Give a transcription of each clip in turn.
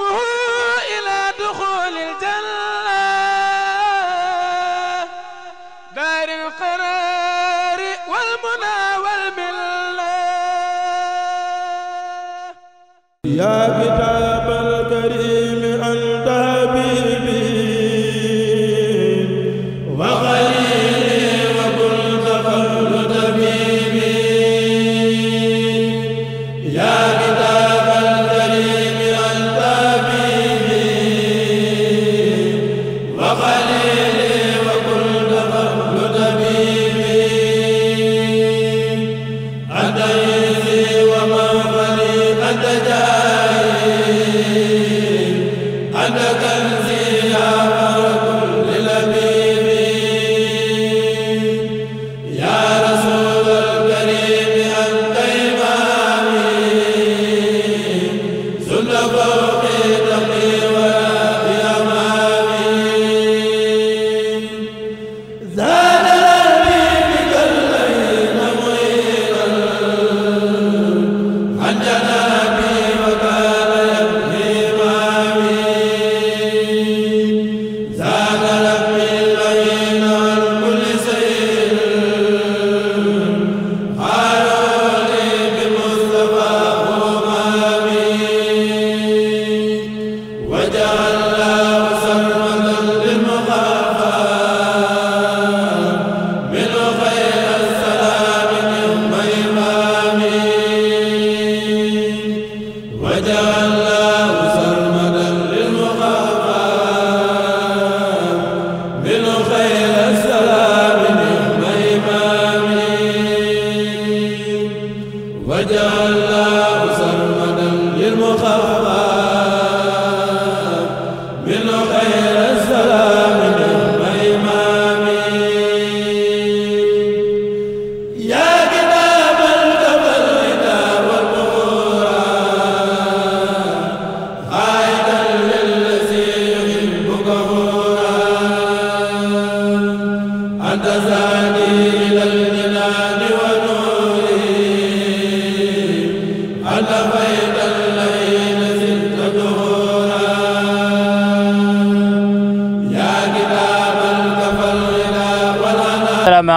يقربه إلى دخول الجنة دار القرار والمنى والملة يا كتاب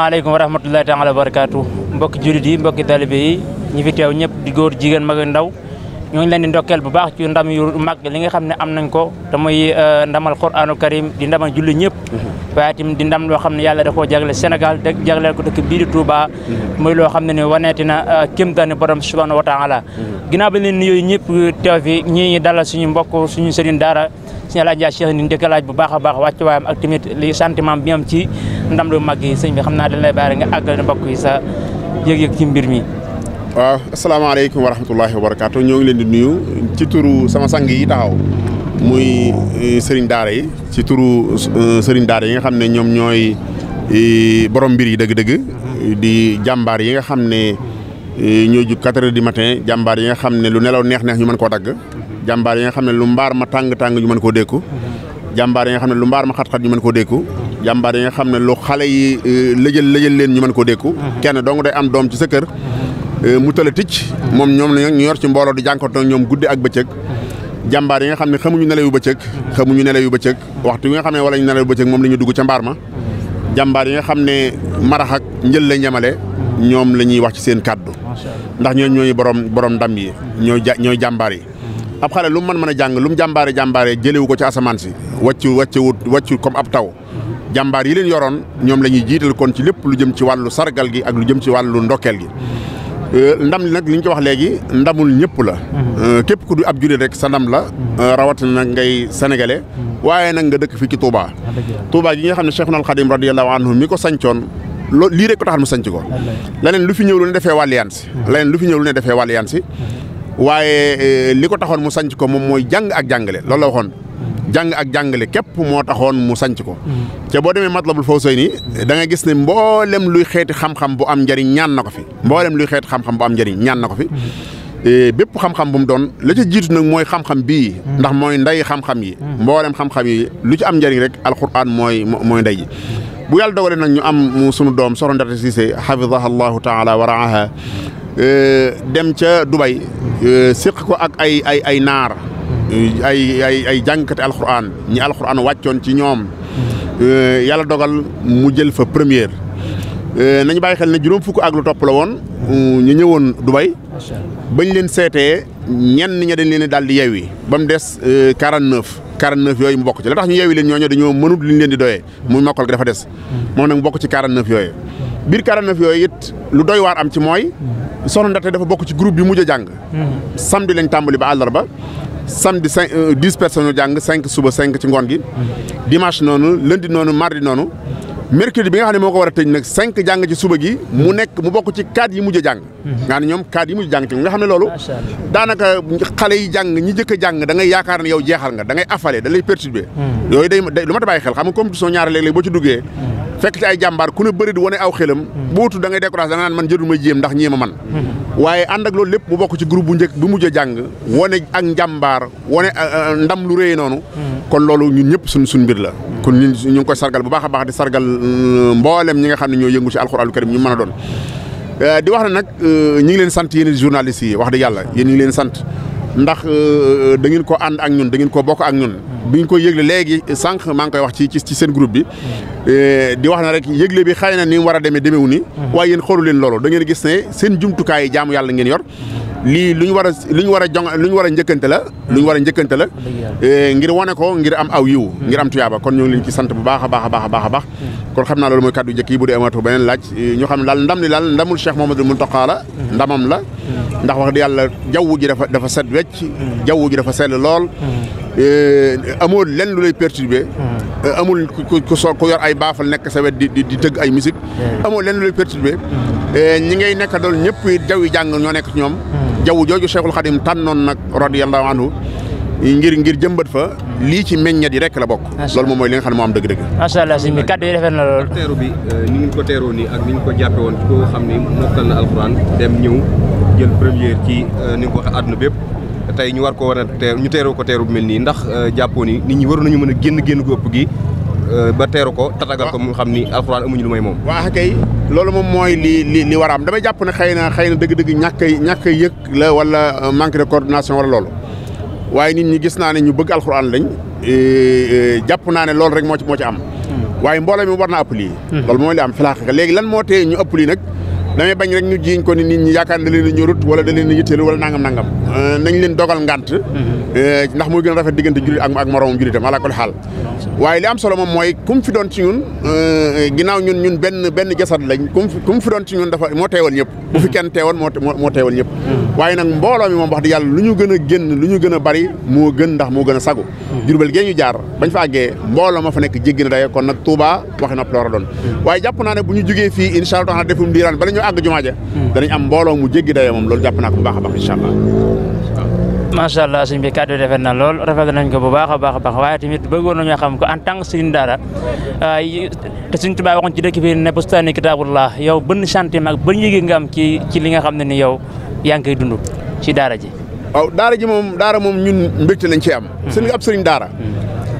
asalaamaaleykum wa rahmatullahi taala wa barakaatu mbokki jullit yi mbokki talibe yi ñi fi teew ñëpp di góor jigéen mag ndaw ñoo leen di ndokkeel bu baax ci ndam yu mag li nga xam ne am nañ ko te muy euh, ndamal quranu karim di mhm. di ndam loo xam ne yàlla da koo jagle Sénégal de jagleel ko dëkk bii di Touba mhm. muy loo xam ne ne waneeti na euh, kéemtaani borom subhanahu wa taala mhm. ginnaaw ba leen yooyu ñëpp teew fi ñi dalal suñu mbokk suñu sëriñ daara suñu laaj a Cheikh ni ndëkkalaaj bu baax a baax wàcc waayam ndam lu mag yi sëñ bi xam naa dañ lay bàyyi nga àggal mbokk yi sa yëg-yëg ci mbir mi. waaw asalaamaaleykum wa rahmatullahi wa barakaatu ñoo ngi leen di nuyu ci turu sama sang yi taxaw muy eh, sëriñ daara yi ci turu eh, sëriñ daara yi nga xam ne ñoom ñooy eh, borom mbir yi dëgg di jàmbaar yi xam ne ñoo jug quatre heures du matin jàmbaar yi nga xam ne lu nelaw neex-neex ñu mën koo dagg jàmbaar yi nga xam ne lu mbaar ma tàng-tàng ñu mën koo dékku jàmbaar yi nga xam ne lu mbaar ma xat-xat ñu mën koo dékku jàmbaar yi nga xam ne lu xale yi euh, lëjël lëjël leen ñu mën ko dékku mhm. kenn dong day am doom ci sa kër euh, mu tëla ticc moom ñoom nag ñu yor ci mbooloo di jànkoonte ñoom guddi ak bëccëg jàmbaar yi nga xam ne xamuñu nelawu bëccëg xamuñu nelawu bëccëg waxtu yi xam ne wala ñu nelawu bëccëg moom la ñu dugg ca mbaar ma jàmbaar yi nga xam ne marax ak njël la ñamale ñoom la ñuy wax ci seen kàddu ndax ñoo ñooy borom borom ndam yi ñooy ñooy jàmbaar yi ab xale lu mën mën a jàng lu mu jàmbaare jàmbaare jëlewu ko ci asamaan si wàccu wàccu wut wàccu comme ab taw jàmbaar yi leen yoroon ñoom la ñuy jiital kon ci lépp lu jëm ci wàllu sargal gi ak lu jëm ci wàllu ndokkeel gi euh, ndam li nag li ñu ko wax léegi ndamul ñëpp la euh, képp ku du ab jullit rek sa ndam la euh, rawatina nag ngay sénégalais waaye nag nga dëkk fii ci Touba Touba gi nga xam ne Cheikhul Khadim radiyallahu anhu mi ko sañcoon loolu lii rek ko taxal mu sañc ko leen lu fi ñëw lu ne defee wàlliyaan si leneen lu fi ñëw lu ne defee wàlliyaan si waaye li ko taxoon mu sañc ko moom mooy jàng ak jàngale loolu la waxoon jàng ak jàngale képp moo taxoon mu sanc ko mm. ca boo demee matlabul fawsayni da nga gis ne mboolem luy xeeti xam-xam bu am njariñ ñaan na ko fi mboolem luy xeeti xam-xam bu am njariñ ñaan na ko fi mm. e, bépp xam-xam bu mu doon la ca jiitu nag mooy xam-xam bii mm. ndax mooy ndey xam-xam yi mboolem xam-xam yi lu ci am njariñ rek alquran mooy mooy ndey ji bu yàlla dogalee nag ñu am sunu doom soxna Ndata Cissé hafidaha llahu taala wa raaha e, dem ca Dubai e, séq ko ak ay ay ay naar Euh, ay ay ay jàngkati alxuraan ñi alxuraan wàccoon ci ñoom euh, yàlla dogal mu jël fa première euh, nañu bàyyi xel ne juróom fukk ak lu topp la woon ñu ñëwoon Dubai bañ leen seetee ñenn ña dañ leen daal di yeewi ba mu des quarante neuf quarante neuf yooyu mu bokk ci la tax ñu yeewi leen ñooñu dañoo mënut li ñu leen di doyee muy mokkal gi dafa des moom nag mu bokk ci quarante neuf yooyu biir quarante neuf yooyu it lu doy waar am ci mooy soxna Ndate dafa bokk ci groupe bi mujj jàng hmm. samedi cinq euh, dix personnes ñu jàng cinq suba cinq ci ngoon gi. dimanche noonu lundi noonu mardi noonu. mercredi bi nga xam ne moo ko war a tëj nag cinq jàng ci suba gi mu nekk mu bokk ci cadre yi mujj a jàng nga ne nga xam ne loolu daanaka xale yi jàng ñi jëkk a jàng da ngay yaakaar ne yow jeexal nga da ngay affalé da hmm. yooyu day lu ma ta bàyyi xel xam nga compétition ñaari léeg-léeg boo ci duggee hmm. fekk ci ay jàmbaar ku ne bëri di wane aw xelam. Hmm. bootu da ngay découragé da nga naan man jëru ma jéem ndax ñii ma man hmm. waaye ànd ak loolu lépp mu bokk ci groupe bu njëkk bu mujj a jàng wane ak njàmbaar wane euh, euh, ndam lu réy noonu hmm. kon loolu ñun ñëpp suñ suñ mbir la kon ñun ñu ngi koy sargal bu baax a baax di sargal euh, mboolem ñi nga xam ne ñoo yëngu ci alxuraanul karim ñu mën a doon di wax ne nag ñi ngi leen sant yéen journalistes yi wax dëgg yàlla yéen ñi leen sant ndax euh, da ngeen ko ànd ak ñun da ngeen ko bokk ak ñun. bi ñu ko yëgle léegi sànq maa ngi koy wax ci ci seen groupe bi. Euh, di wax na rek yëgle bi xëy na ni mu war a demee demeewu ni waaye yéen xoolu leen loolu da ngeen gis ne seen jumtukaay jaamu yàlla ngeen yor. lii lu ñu war a a jong lu ñu war a njëkkante la. lu ñu war a la. Euh, ngir wane ko ngir am aw yiw ngir am tuyaaba kon ñoo ngi leen ci sant bu baax a baax a baax a a baax. kon xam naa loolu mooy kàddu njëkk yi bu dee amatoo beneen laaj ñu xam ne daal ndam li daal ndamul Cheikh Mouhamadoul Mountakha la ndamam la ndax wax dëgg yàlla jaww ji dafa dafa wàcc. jaww ji dafa sell lool. Eh, amoo lenn lu lay perturber. Eh, amul ku ku soo ku yor ay baafal nekk sa wet di di tëgg ay musique hmm. amoo lenn lu lay perturber. Hmm. Eh, ñi ngay nekk doon ñëpp jaww ji jàng ñoo nekk ñoom. Hmm. jaww jooju Cheikhul Khadim tànnoon nag radiyallahu anhu ngir ngir jëmbat fa lii ci meññat di rek la bokk. loolu moom mooy li nga xam ne moo am dëgg-dëgg. macha allah sëñ bi kaddu yi rafet na lool. teeru bi ni ngeen ko teeroo ak ni ñu ko jàppee woon koo xam ni mokkal na alxuraan dem ñëw jël première ci ni nga ko waxee àdduna bépp. tey ñu war ko war a teer ñu teeroo ko teeru bu mel nii ndax euh, jàppoo ni nit ñi waroon nañu mën a génn génn gu ëpp gi euh, ba teeru ko tatagal ko mu xam ni alxuraan amuñu lu may moom waaw kay loolu moom mooy li li li war am damay jàpp ne xëy na xëy na dëgg-dëgg ñàkk a ñàkk a yëg la euh, coordination wala loolu waaye nit ñi gis naa ne ñu bëgg alxuraan lañ jàpp naa ne loolu rek moo ci moo ci am hmm. waaye mbooloo mi war naa ëpp hmm. loolu mooy li am filaax léegi lan moo tee ñu ëpp lii nag damay bañ rek ñu jiiñ ko ni nit ñi yaakaar da leen a ñorut wala da leen a yitteelu wala nangam nangam euh, nañ leen dogal ngànt mhm. euh, ndax mooy gën a rafet diggante jullit ak ak moroomam jullitam ala kulli xaal waaye li am solo moom mooy kum fi doon ci ñun euh, ginnaaw ñun ñun benn benn jasad lañ kum fi kum fi doon ci ñun dafa moo teewal ñëpp bu fi mhm. kenn teewal moo moo teewal ñëpp mhm. waaye nag mbooloo mi moom wax di yàlla lu ñu gën a génn lu ñu gën a bari moo gën ndax moo gën a sagu jurbel gee ñu jaar bañ fa àggee mbooloo ma fa nekk jéggi na daye kon nag Touba waxe na plora doon waaye jàpp naa ne bu ñu jógee fii incha allah defum diiraan bala ñu àgg jumaa ja danañ am mbooloo mu jéggi dayoo moom loolu jàpp naa ko bu baax a baax incha allah macha allah suñ bi kàddu defet lool rafet nañ ko bu baax a baax a baax waaye tamit bëggoon nañoo xam ko en tant que daara te suñ tubaab waxoon ci dëkk bi ne bustaani kitaabullah yow bën sentiment ak bën yëgee nga am ci ci li nga xam ne ni yow yaa ngi koy dund ci daara ji waaw daara ji moom daara moom ñun mbégte lañ ci am hmm. sëriñ ab sëriñ daara hmm.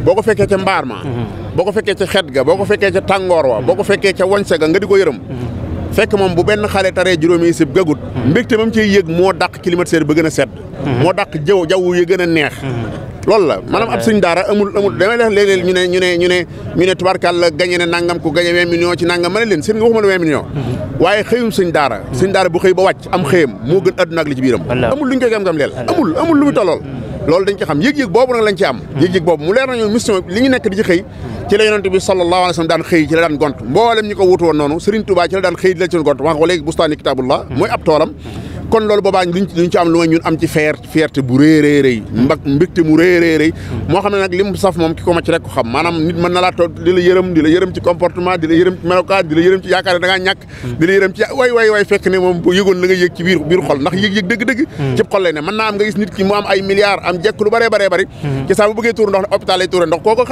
boo ko fekkee ca mbaar ma hmm. boo ko fekkee ca xet ga fekk moom bu benn xale taree juróomi sib gagut hmm. mbégte moom ciy yëg moo dàq climatiseur ba gën a sedd hmm. moo dàq jaww jaww yi gën a neex hmm. loolu la maanaam ab sëñ daara amul amul damay def léeg-léeg ñu ne ñu ne ñu ne ñu ne tubarkàlla gañe ne nangam ko gañe vingt millions ci nangam ma ne leen seen nga waxuma la vingt millions waaye xëyum sëñ daara sëñ daara bu xëy ba wàcc am xëyam moo gën àdduna ak li ci biiram amul lu ñu koy gam-gam leel amul lu mu tollool loolu dañ ci xam yëg boobu nag lañ am yeg hmm. yëg boobu mu leer nañu mission li ñu nekk di ci xëy ci la yonent bi sallallahu alayhi wa sallam daan xëy ci la daan gont mboolem ñi ko wutu woon noonu Serigne ci la daan xëy di la ci bustaani kitabullah hmm. mooy ab kon lool boobaa duñ duñ ci am lu may ñun am ci feer fierté bu rëy rëy rëy hmm. mu rëy rëy rëy hmm. moo xam ne nag li saf moom ki ko macc rek ko xam maanaam nit na laa toog di la yërëm di la yërëm ci comportement di la yërëm ci melokaan di la yërëm ci yaakaar ne da hmm. di la yërëm ci way way fekk ne moom bu la nga ci biir biir ndax yëg-yëg dëgg ci xol lay ne mën am nga gis nit ki mu am ay milliards am jekk lu bëree bëree bëri ci saa bu tuur ndox ne hôpital lay tuur ndox kooku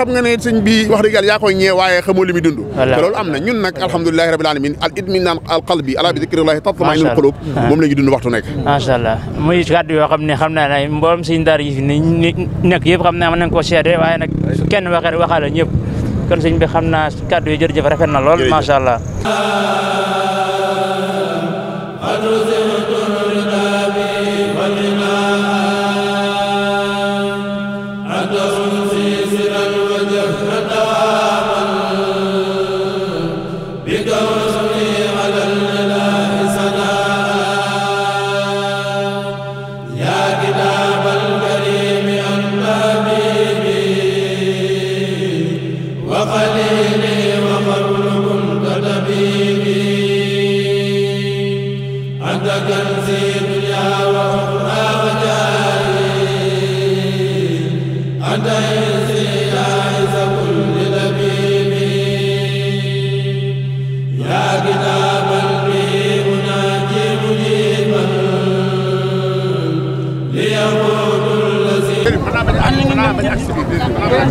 waxtu nekk. macha allah muy kàddu yoo xam ne xam naa ne mboolem suñu daara yi fi nekk yëpp xam naa mën nañ ko seede waaye nag kenn waxee waxaale ñëpp kon sëñ bi xam naa kàddu yi jërëjëf rafet na lool macha allah.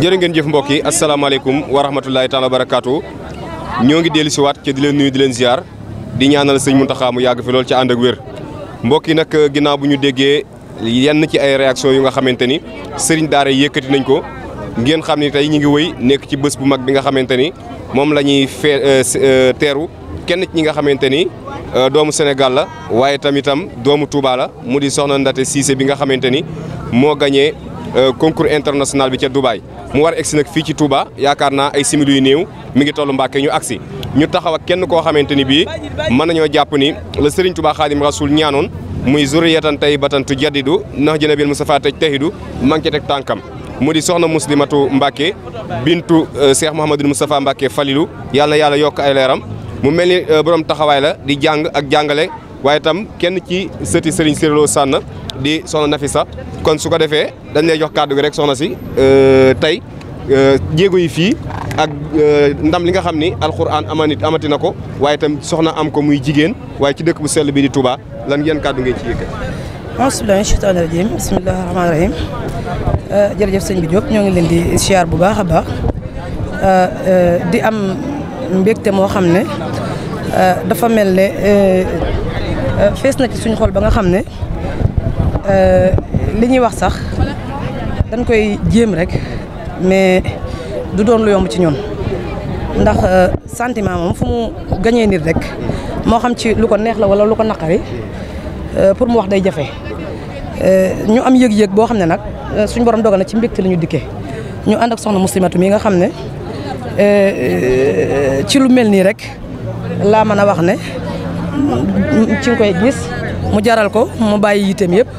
jërë ngeen jëf mbokk yi asalaamaaleykum wa rahmatulahi taala barakaatu ñoo ngi dellu siwaat ci di leen nuyu di leen ziar di ñaanal sëñ Muntaxa mu yàgg fi lool ci ànd ak wér mbokk yi nag ginnaaw bu ñu déggee yenn ci ay réaction yu nga xamante ni sëriñ daara yëkkati nañ ko ngeen xam ni tey ñu ngi wëy nekk ci bës bu mag bi nga xamante ni moom la ñuy fee euh, euh, teeru kenn ci ñi nga xamante ni euh, doomu Sénégal la waaye tamitam doomu Touba la mu di soxna Ndate Cissé bi nga xamante ni moo gañee Euh, concours international bi ca Dubaay mu war a si nag fii ci Touba yaakaar naa ay simili yu néew mi ngi tollu Mbàkke ñu si ñu taxaw ak kenn koo xamante ni bii mën nañoo jàpp ni la Serigne Touba Xaadim Rasul ñaanoon muy zuriyatan tayyibatan tujaddidu nax jëna bil Mustafa taj tahidu ma ngi ci teg tànkam mu di soxna muslimatu Mbàkke bintu euh, Cheikh Mouhamadou Moustapha Mbàkke Falilu yàlla na yàlla yokk ay leeram mu mel ni euh, borom taxawaay la di jàng ak jàngale waaye itam kenn ci sëti Serigne Cissé Sànn di soxna Nafisa kon su ko defee dañ lay jox kàddu gi rek soxna si euh, tey euh, jéego yi fii ak euh, ndam li nga xam ni alxuraan amanit amati ko waaye itam soxna am ko muy jigéen waaye ci dëkk bu sell bi di Touba lan ngeen kàddu ngeen ci yëkkat. bismillahi shaytaani rajim bismillahi rahmaani rahim jërëjëf sëñ bi ñoo ngi leen di siyaar bu baax a baax di am moo xam ne dafa mel ne Euh, fees na ci suñu xool ba nga xam ne euh, li ñuy wax sax dañ koy jéem rek mais du doon lu yomb ci ñoon ndax euh, santiment moom fu mu gañee nit rek moo xam ci lu ko neex la wala lu ko naqari pour mu wax day jafe ñu am yëg-yëg boo xam ne nag suñ borom dogal na ci mbégte la ñu dikkee ñu ànd ak soxna muslimatu mi nga xam ne ci lu mel nii rek laa mën a wax ne ci nga koy gis mu jaral ko mu bàyyi yitteem yëpp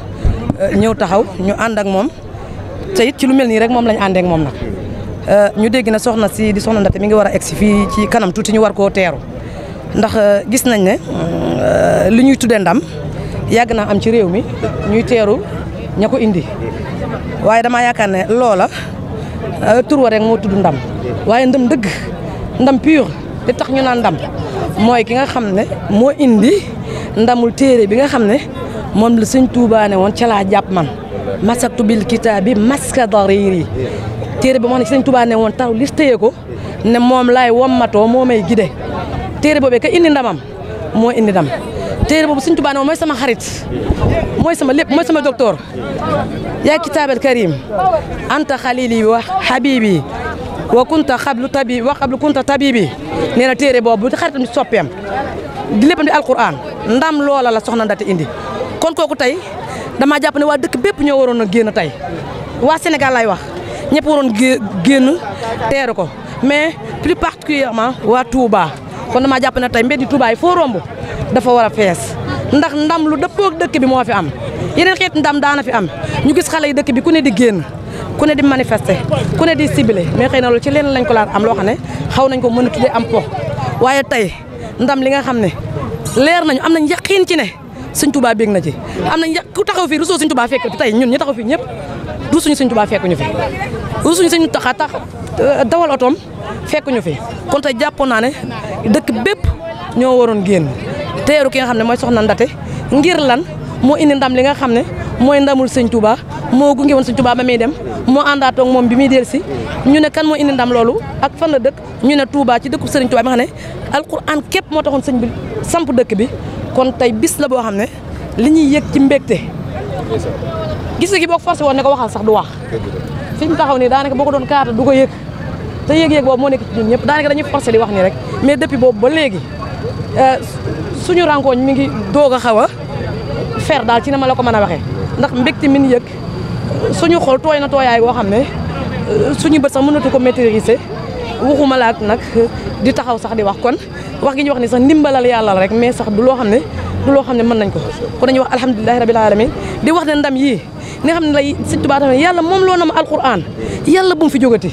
euh, ñëw taxaw ñu ànd moom te ci lu mel nii rek moom lañ àndee ak moom nag euh, ñu dégg na soxna si di soxna Ndate mi ngi war a egsi fii ci kanam tuuti ñu war koo teeru ndax euh, gis nañ ne li ñuy tuddee ndam yàgg naa am ci réew mi ñuy teeru ña ko indi waaye dama yaakaar ne loola tur wa moo tudd ndam waaye ndam dëgg ndam pur li tax ñu naan ndam mooy ki nga xam ne moo indi ndamul téere bi nga xam ne moom la sëñ Tuubaa ne woon ca jàpp man masatu bil kitaabi maska dariri téere bi moo ne sëñ Tuubaa ne woon taw li téye ko ne moom laay wommatoo moo may gide téere boobee ka indi ndamam moo indi ndam téere boobu sëñ Tuubaa ne woon mooy sama xarit mooy sama lépp mooy sama docteur yaa kitaabal karim anta xalili wa habibi wa kunta xablu tabi wa nee na téere boobu bu xaritam di soppeem di léppam di alquran ndam loola la soxna Ndate indi kon kooku tey dama jàpp ne waa dëkk bépp ñoo waroon a génn tey waa Sénégal lay wax ñëpp waroon génn teeru ko mais plus particulièrement waa Touba kon damaa jàpp ne tey mbedd Touba foo romb dafa war a fees ndax ndam lu dëppoog dëkk bi moo fi am yeneen xeet ndam daana fi am ñu gis xale yi dëkk bi ku ne di génn ku ne di manifester ku ne di ciblé mais xëy na loolu ci leen lañ ko laan am loo xam ne xaw nañ ko mën a am po waaye tey ndam li nga xam ne leer nañu am nañ yaqiin ci ne Sëñ Tuubaa bég na ci am nañ ku taxaw fii rusoo Sëñ Tuubaa fekk tey ñun ñu taxaw fii ñëpp rusuñu Sëñ Tuubaa fekkuñu fi rusuñu Sëñ Tuubaa tax euh, dawal otoom fekkuñu fi kon tey jàpp naa ne dëkk bépp ñoo waroon génn teeru ki nga xam ne mooy soxna Ndate ngir lan moo indi ndam li nga xam ne mooy ndamul sëñ Touba moo gunge woon sëñ Touba ba muy dem moo àndaatoo moom bi muy dellusi ñu ne kan moo indi ndam loolu ak fan la dëkk ñu ne Touba ci dëkk sëriñ Touba bi nga xam ne alquran képp moo taxoon sëñ bi samp dëkk bi kon tey bis la boo xam ne li ñuy yëg ci mbégte gis gi boo forcé woon ko waxal sax du wax fi mu taxaw nii daanaka boo ko doon kaata du ko yëg te yëg-yëg boobu moo nekk ci ñun ñëpp daanaka dañuy forcé di wax nii rek mais depuis boobu ba léegi euh, suñu rencontre mi ngi doog a xaw a fer daal ci na ma la ko mën a waxee ndax mbégte min yëg suñu xol tooy na tooyaay boo xam ne suñu bët sax mënatu ko maîtriser waxuma laak nag di taxaw sax di wax kon wax gi ñu wax ni sax ndimbalal yàlla rek mais sax du loo xam ne du loo xam ne mën nañ ko kon dañuy wax alhamdulilahi rabil alamin di wax ne ndam yii nga xam ne lay sëñ Tuubaa tamit yàlla moom loo na ma alquran yàlla bu mu fi jógati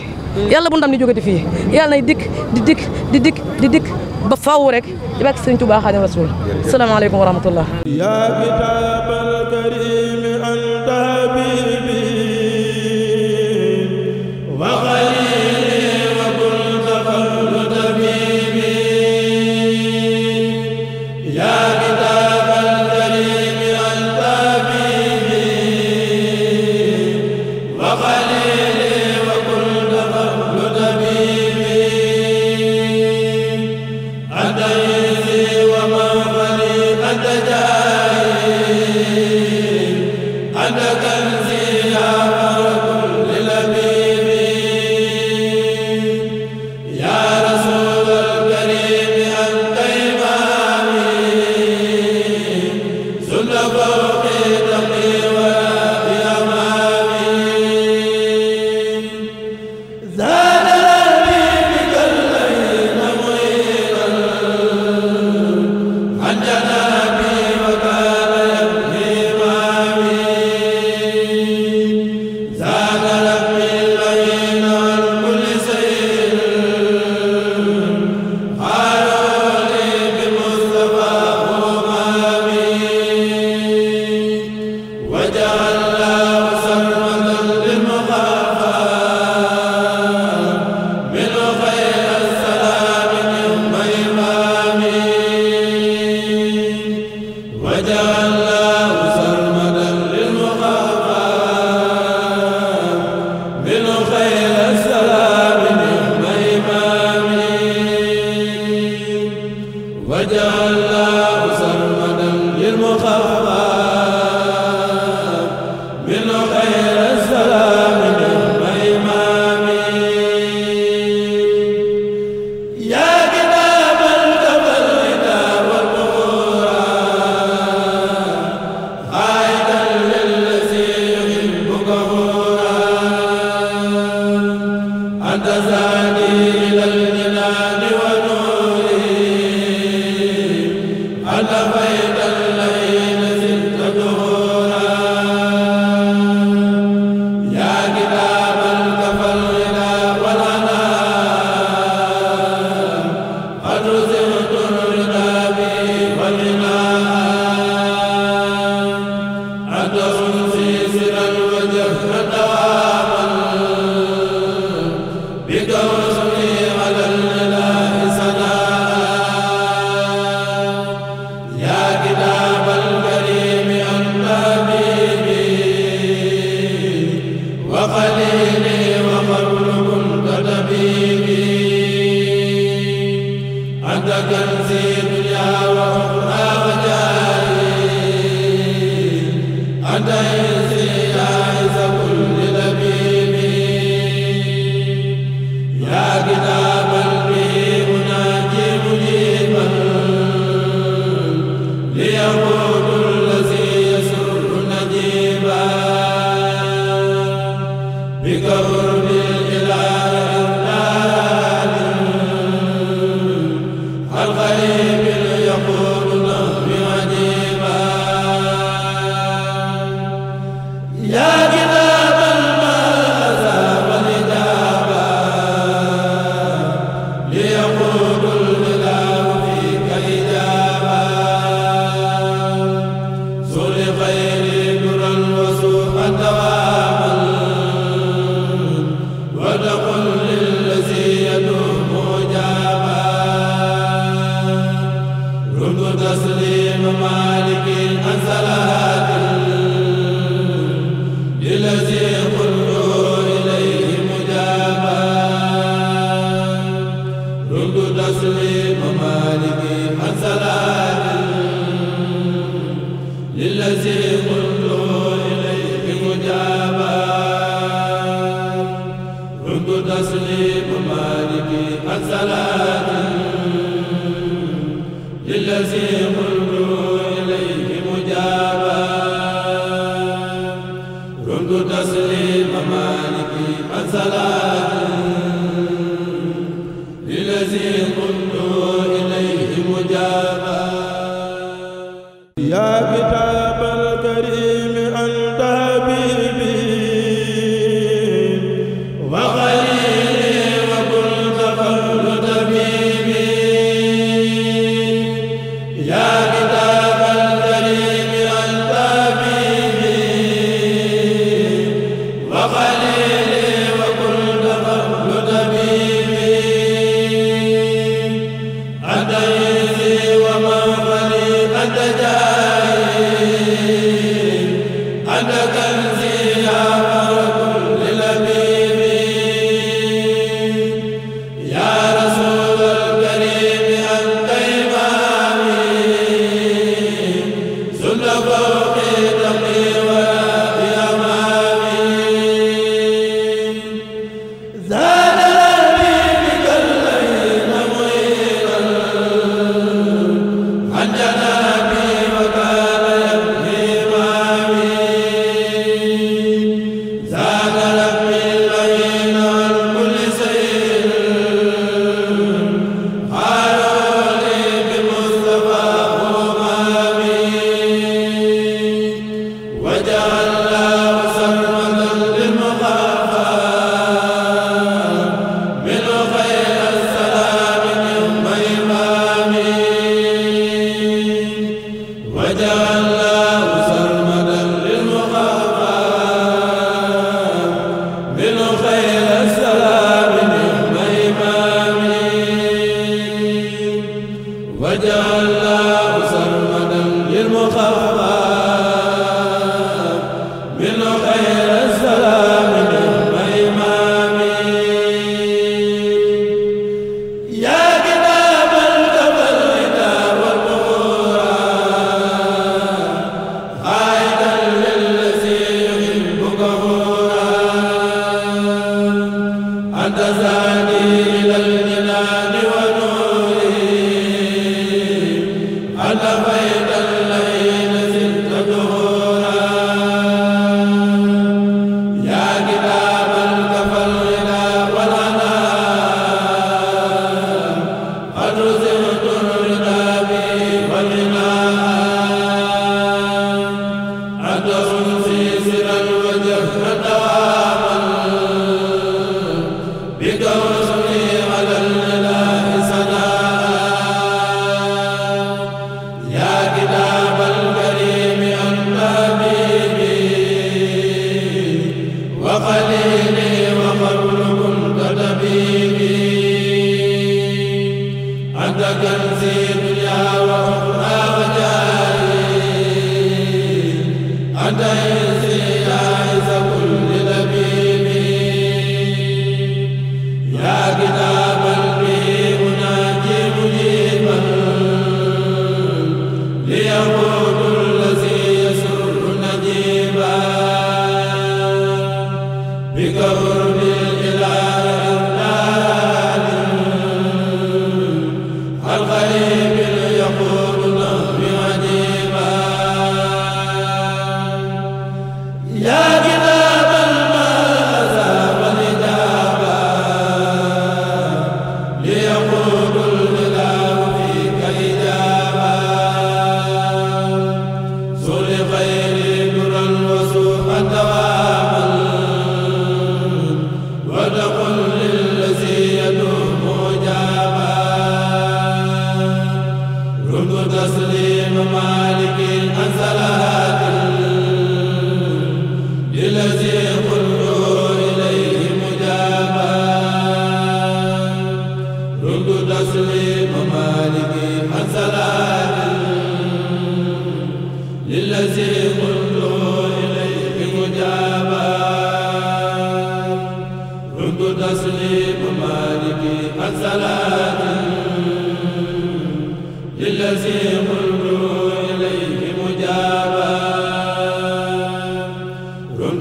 yàlla bu ndam di jógati fii yàlla nay dikk di dikk di dikk di dikk ba faw rek di bàkk Sëriñ Tuubaa Xaadimu Rasuul salaamaaleykum wa rahmatullah ya kitaabal kariim anta habiibi وقليل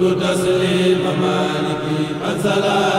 كنت تسليم مالكي السلام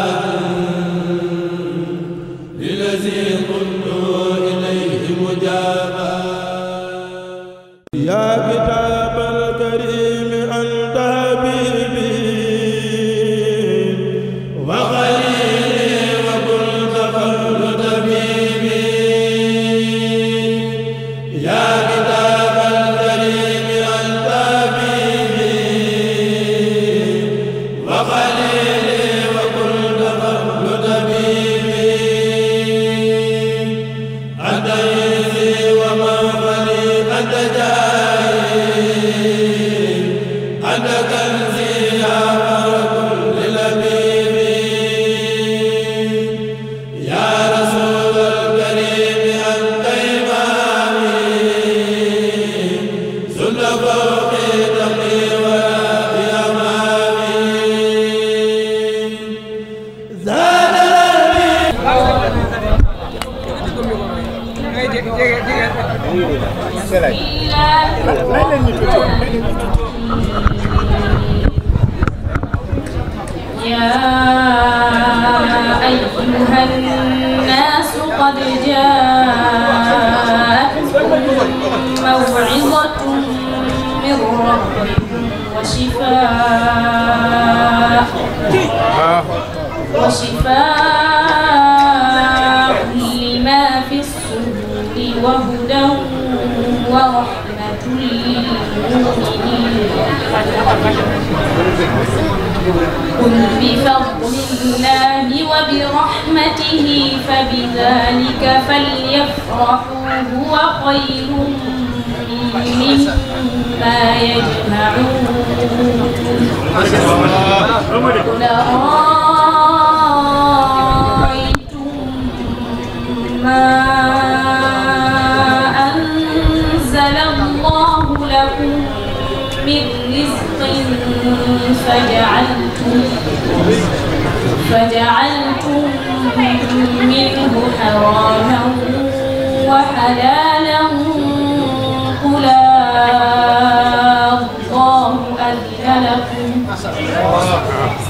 دحق فجعلتم فجعلتم منه حراما وحلالا قل الله أذن لكم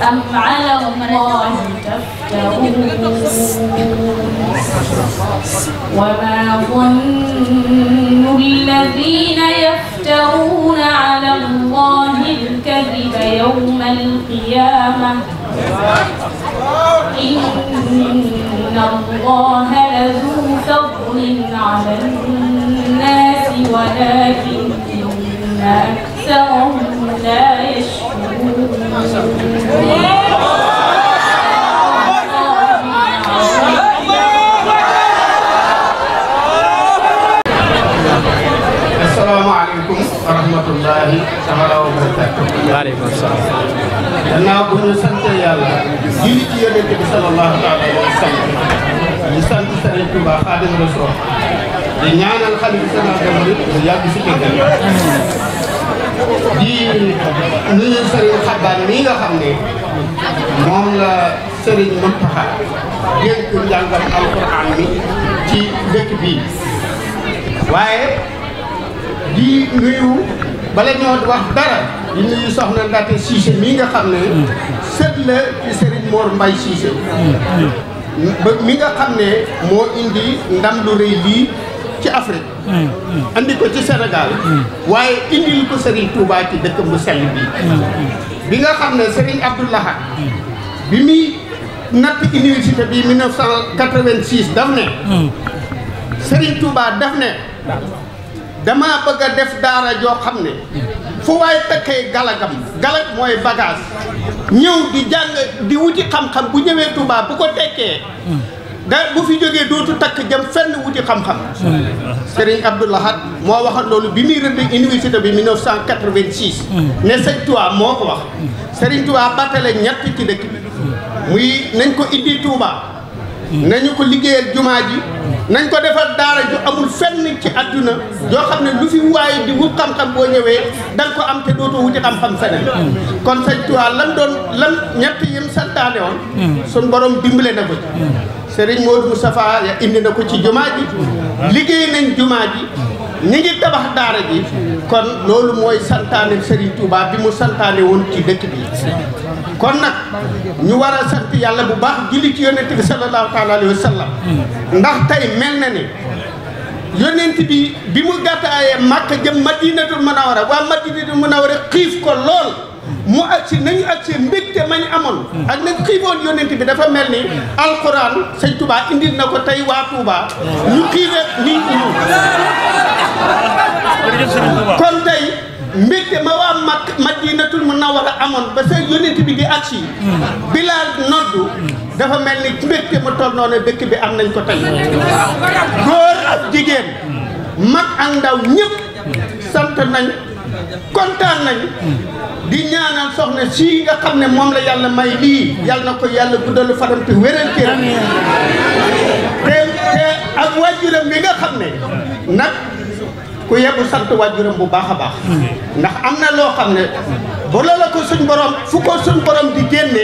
أم على الله تفترون يئوس وما ظن الذين يفترون على الله الكذب يوم القيامة إن الله لذو فضل على الناس ولكن أكثرهم لا يشكرون rahmatullahi taala wa barakatuh waaleykum salaam gannaaw bu ñu sant yàlla julli ci yonent bi sallallahu wa sallam ñu sant Sëriñ Tuubaa Xaadimu Rasuul di ñaanal xalifa général des mourides mu yàgg si kër di nuyu Sëriñ Xabbaan mi nga xam ne moom la Sëriñ Muntaxa dénk njàngam alquran mi ci dëkk bii waaye di nuyu bala ñoo wax dara di nuyu soxna Ndate Cissé mii nga xam ne mm. sët la ci Serigne Mor Mbaye Cissé mm. nga xam ne moo indi ndam lu rëy lii ci Afrique mm. andi ko ci Sénégal waaye indil ko Serigne Touba ci dëkk bu sell bi bi nga xam ne Serigne Abdou Lahad bi muy natt université bi 1986 daf ne Serigne Touba daf ne damaa bëgg def daara joo xam ne fu waay takkee galagam galag mooy bagage ñëw di jàng di wuti xam-xam bu ñëwee Touba bu ko tekkee da bu fi jógee dootu takk jëm fenn wuti xam-xam Serigne Abdou Lahad moo waxoon loolu bi muy rëdd université bi 1986 ne Sëñ Touba moo ko wax Serigne Touba bàttale ñett ci dëkk bi muy nañ ko indi Touba nañu ko liggéeyal jumaa ji nañ ko defar daara ju amul fenn ci àdduna yoo xam ne lu fi waaye di wut xam-xam boo ñëwee da ko am te dootoo wuti xam-xam feneen kon sëñ Tuubaa lan doon lan ñett yim santaane woon suñ borom dimbale na ko ci Sëriñ Modou Moustapha ya indi na ko ci jumaa ji liggéey nañ jumaa ji ñi ngi tabax daara ji kon loolu mooy santaane Sëriñ Tuubaa bi mu santaane woon ci dëkk bi kon nag ñu war a sant yàlla bu baax julli ci yonent bi sallallahu taala alayhi wa ndax tey mel na ni yonent bi bi mu gàttaayee Makka jëm Madinatul Munawwara waa Madinatul Munawwara xiif ko lool mu agsi nañu agsi mbégte mañ amoon ak nañ xiifoon yonent bi dafa mel ni alxuraan sëñ Touba indil na ko tey waa Touba ñu xiifee nii ñu kon tey mbégte ma waa mag madinatul munawwara amoon ba sa yonent bi di agsi bilaal noddu dafa mel ni mbégte mu toll noonu bi am nañ ko tey góor ak jigéen mag ak ndaw ñëpp sant nañ kontaan nañ di ñaanal soxna si nga xam ne moom la yàlla may lii yàlla na ko yàlla guddalu fanam te wéral te te ak waajuram bi nga xam ne nag ku yebu sant waajuram bu baax a baax ndax am na loo xam ne boo loola ko suñ borom fu ko suñ borom di génne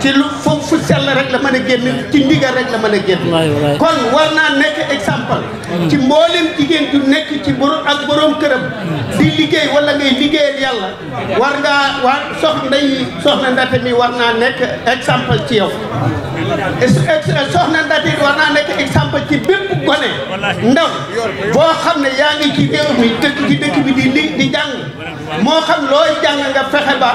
ci lu fu sell rek la mën a génne ci ndigal rek la mën a génne kon war naa nekk exemple ci mboolem jigéen du nekk ci borom ak borom këram di liggéey wala ngay liggéeyal yàlla war ngaa war soxna yi soxna Ndate mi war naa nekk exemple ci yow soxna Ndate war naa nekk exemple ci bépp gone ndaw boo xam ne yaa ngi fii ci réew mi tëdd ci dëkk bi di li di jàng moo xam looy jàng nga fexe ba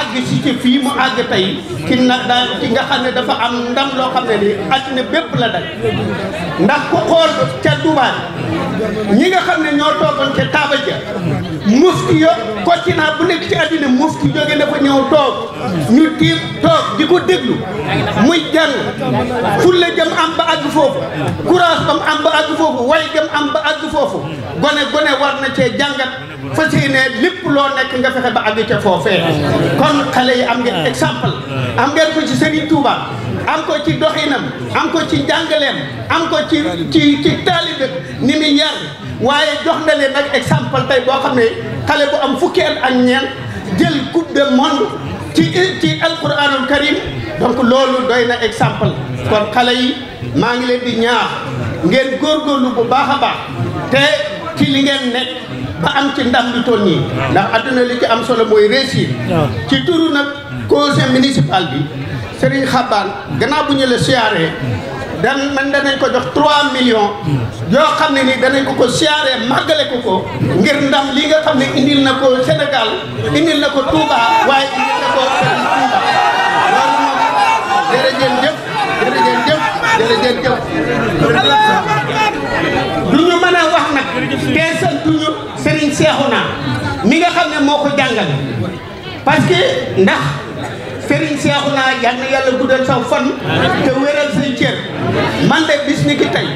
àgg si ci fii mu àgg tey ci na ci nga xam ne dafa am ndam loo xam ne nii àddina bépp la daj ndax ku xool ca Dubaay ñi nga xam ne ñoo toogoon ca taaba ja mufti yo continent bu nekk ci àddina mufti jóge na fa ñëw toog ñu tiim toog di ko déglu muy jàng fulla jëm am ba àgg foofu courage bam am ba àgg foofu way jëm am ba àgg foofu gone gone war na cee jàngat fas yéene lépp loo nekk nga fexe ba àgg ca foofee kon xale yi am ngeen exemple am ngeen ko ci Serigne Touba am ko ci doxinam am ko ci jàngaleem am ko ci ci ci ni muy yar waaye jox na leen nag exemple tey boo xam ne xale bu am fukki at ak ñeent jël coupe de monde ci ci alquranul karim donc loolu doy na exemple kon xale yi maa ngi leen di ñaax ngeen góorgóorlu bu baax a baax te ci li ngeen nekk ba am ci ndax lu toll nii ndax àdduna li ci am solo mooy réussir ci turu nag conseil municipal bi Serigne Xabaan gannaaw bu ñu la siyaaree dan man danañ ko jox 3 millions yoo xam ne ni danañ ko ko siyaaree màggale ko ko ngir ndam li nga xam ne indil na ko Sénégal indil na ko Touba waaye indil na ko Serigne Touba loolu moom jërëjëf jëf jërëjëf jëf du ñu mën a wax nag te santuñu Serigne Cheikhouna mi nga xam ne moo ko jàngale parce que ndax Serigne Cheikhouna yal na yàlla guddal saw fan te wéral say cër man de bis ni ki tey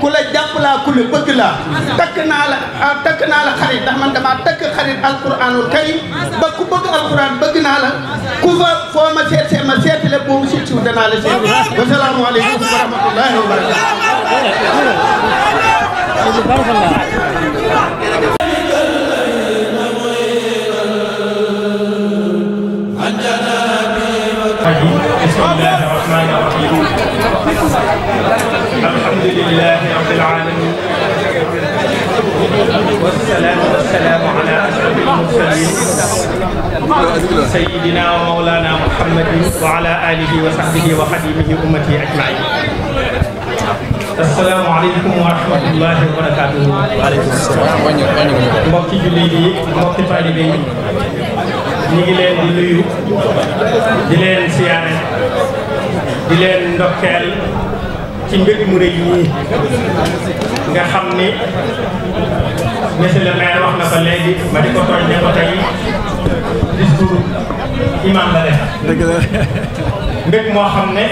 ku la jàpp laa ku la bëgg laa takk naa la ah, takk naa la xarit ndax man damaa takk xarit alquranul karim ba ku bëgg alquran bëgg naa la ku fa foo ma seet ma seetale boo mu si siw danaa la seet wasalaamualeykum wa rahmatullahi wa barakatu alhamdulilahi rabbil alamin wasalaatu wasalaamu ala ashrafil mursalin sayidina wa maulana muhammadin wa ala alihi wa sahbihi wa xadimihi ummati ajmain assalaamu aleykum wa rahmatullahi wa barakatuhu mbokki jullit yi mbokki taalibe yi ñu ngi leen di nuyu di leen siyaare di leen ndokkeel ci mbir mu rëy nii nga xam ni monsieur le maire na ko léegi ma di ko tooñ ne ko tey discours imam la def dëgg la mbir moo xam ne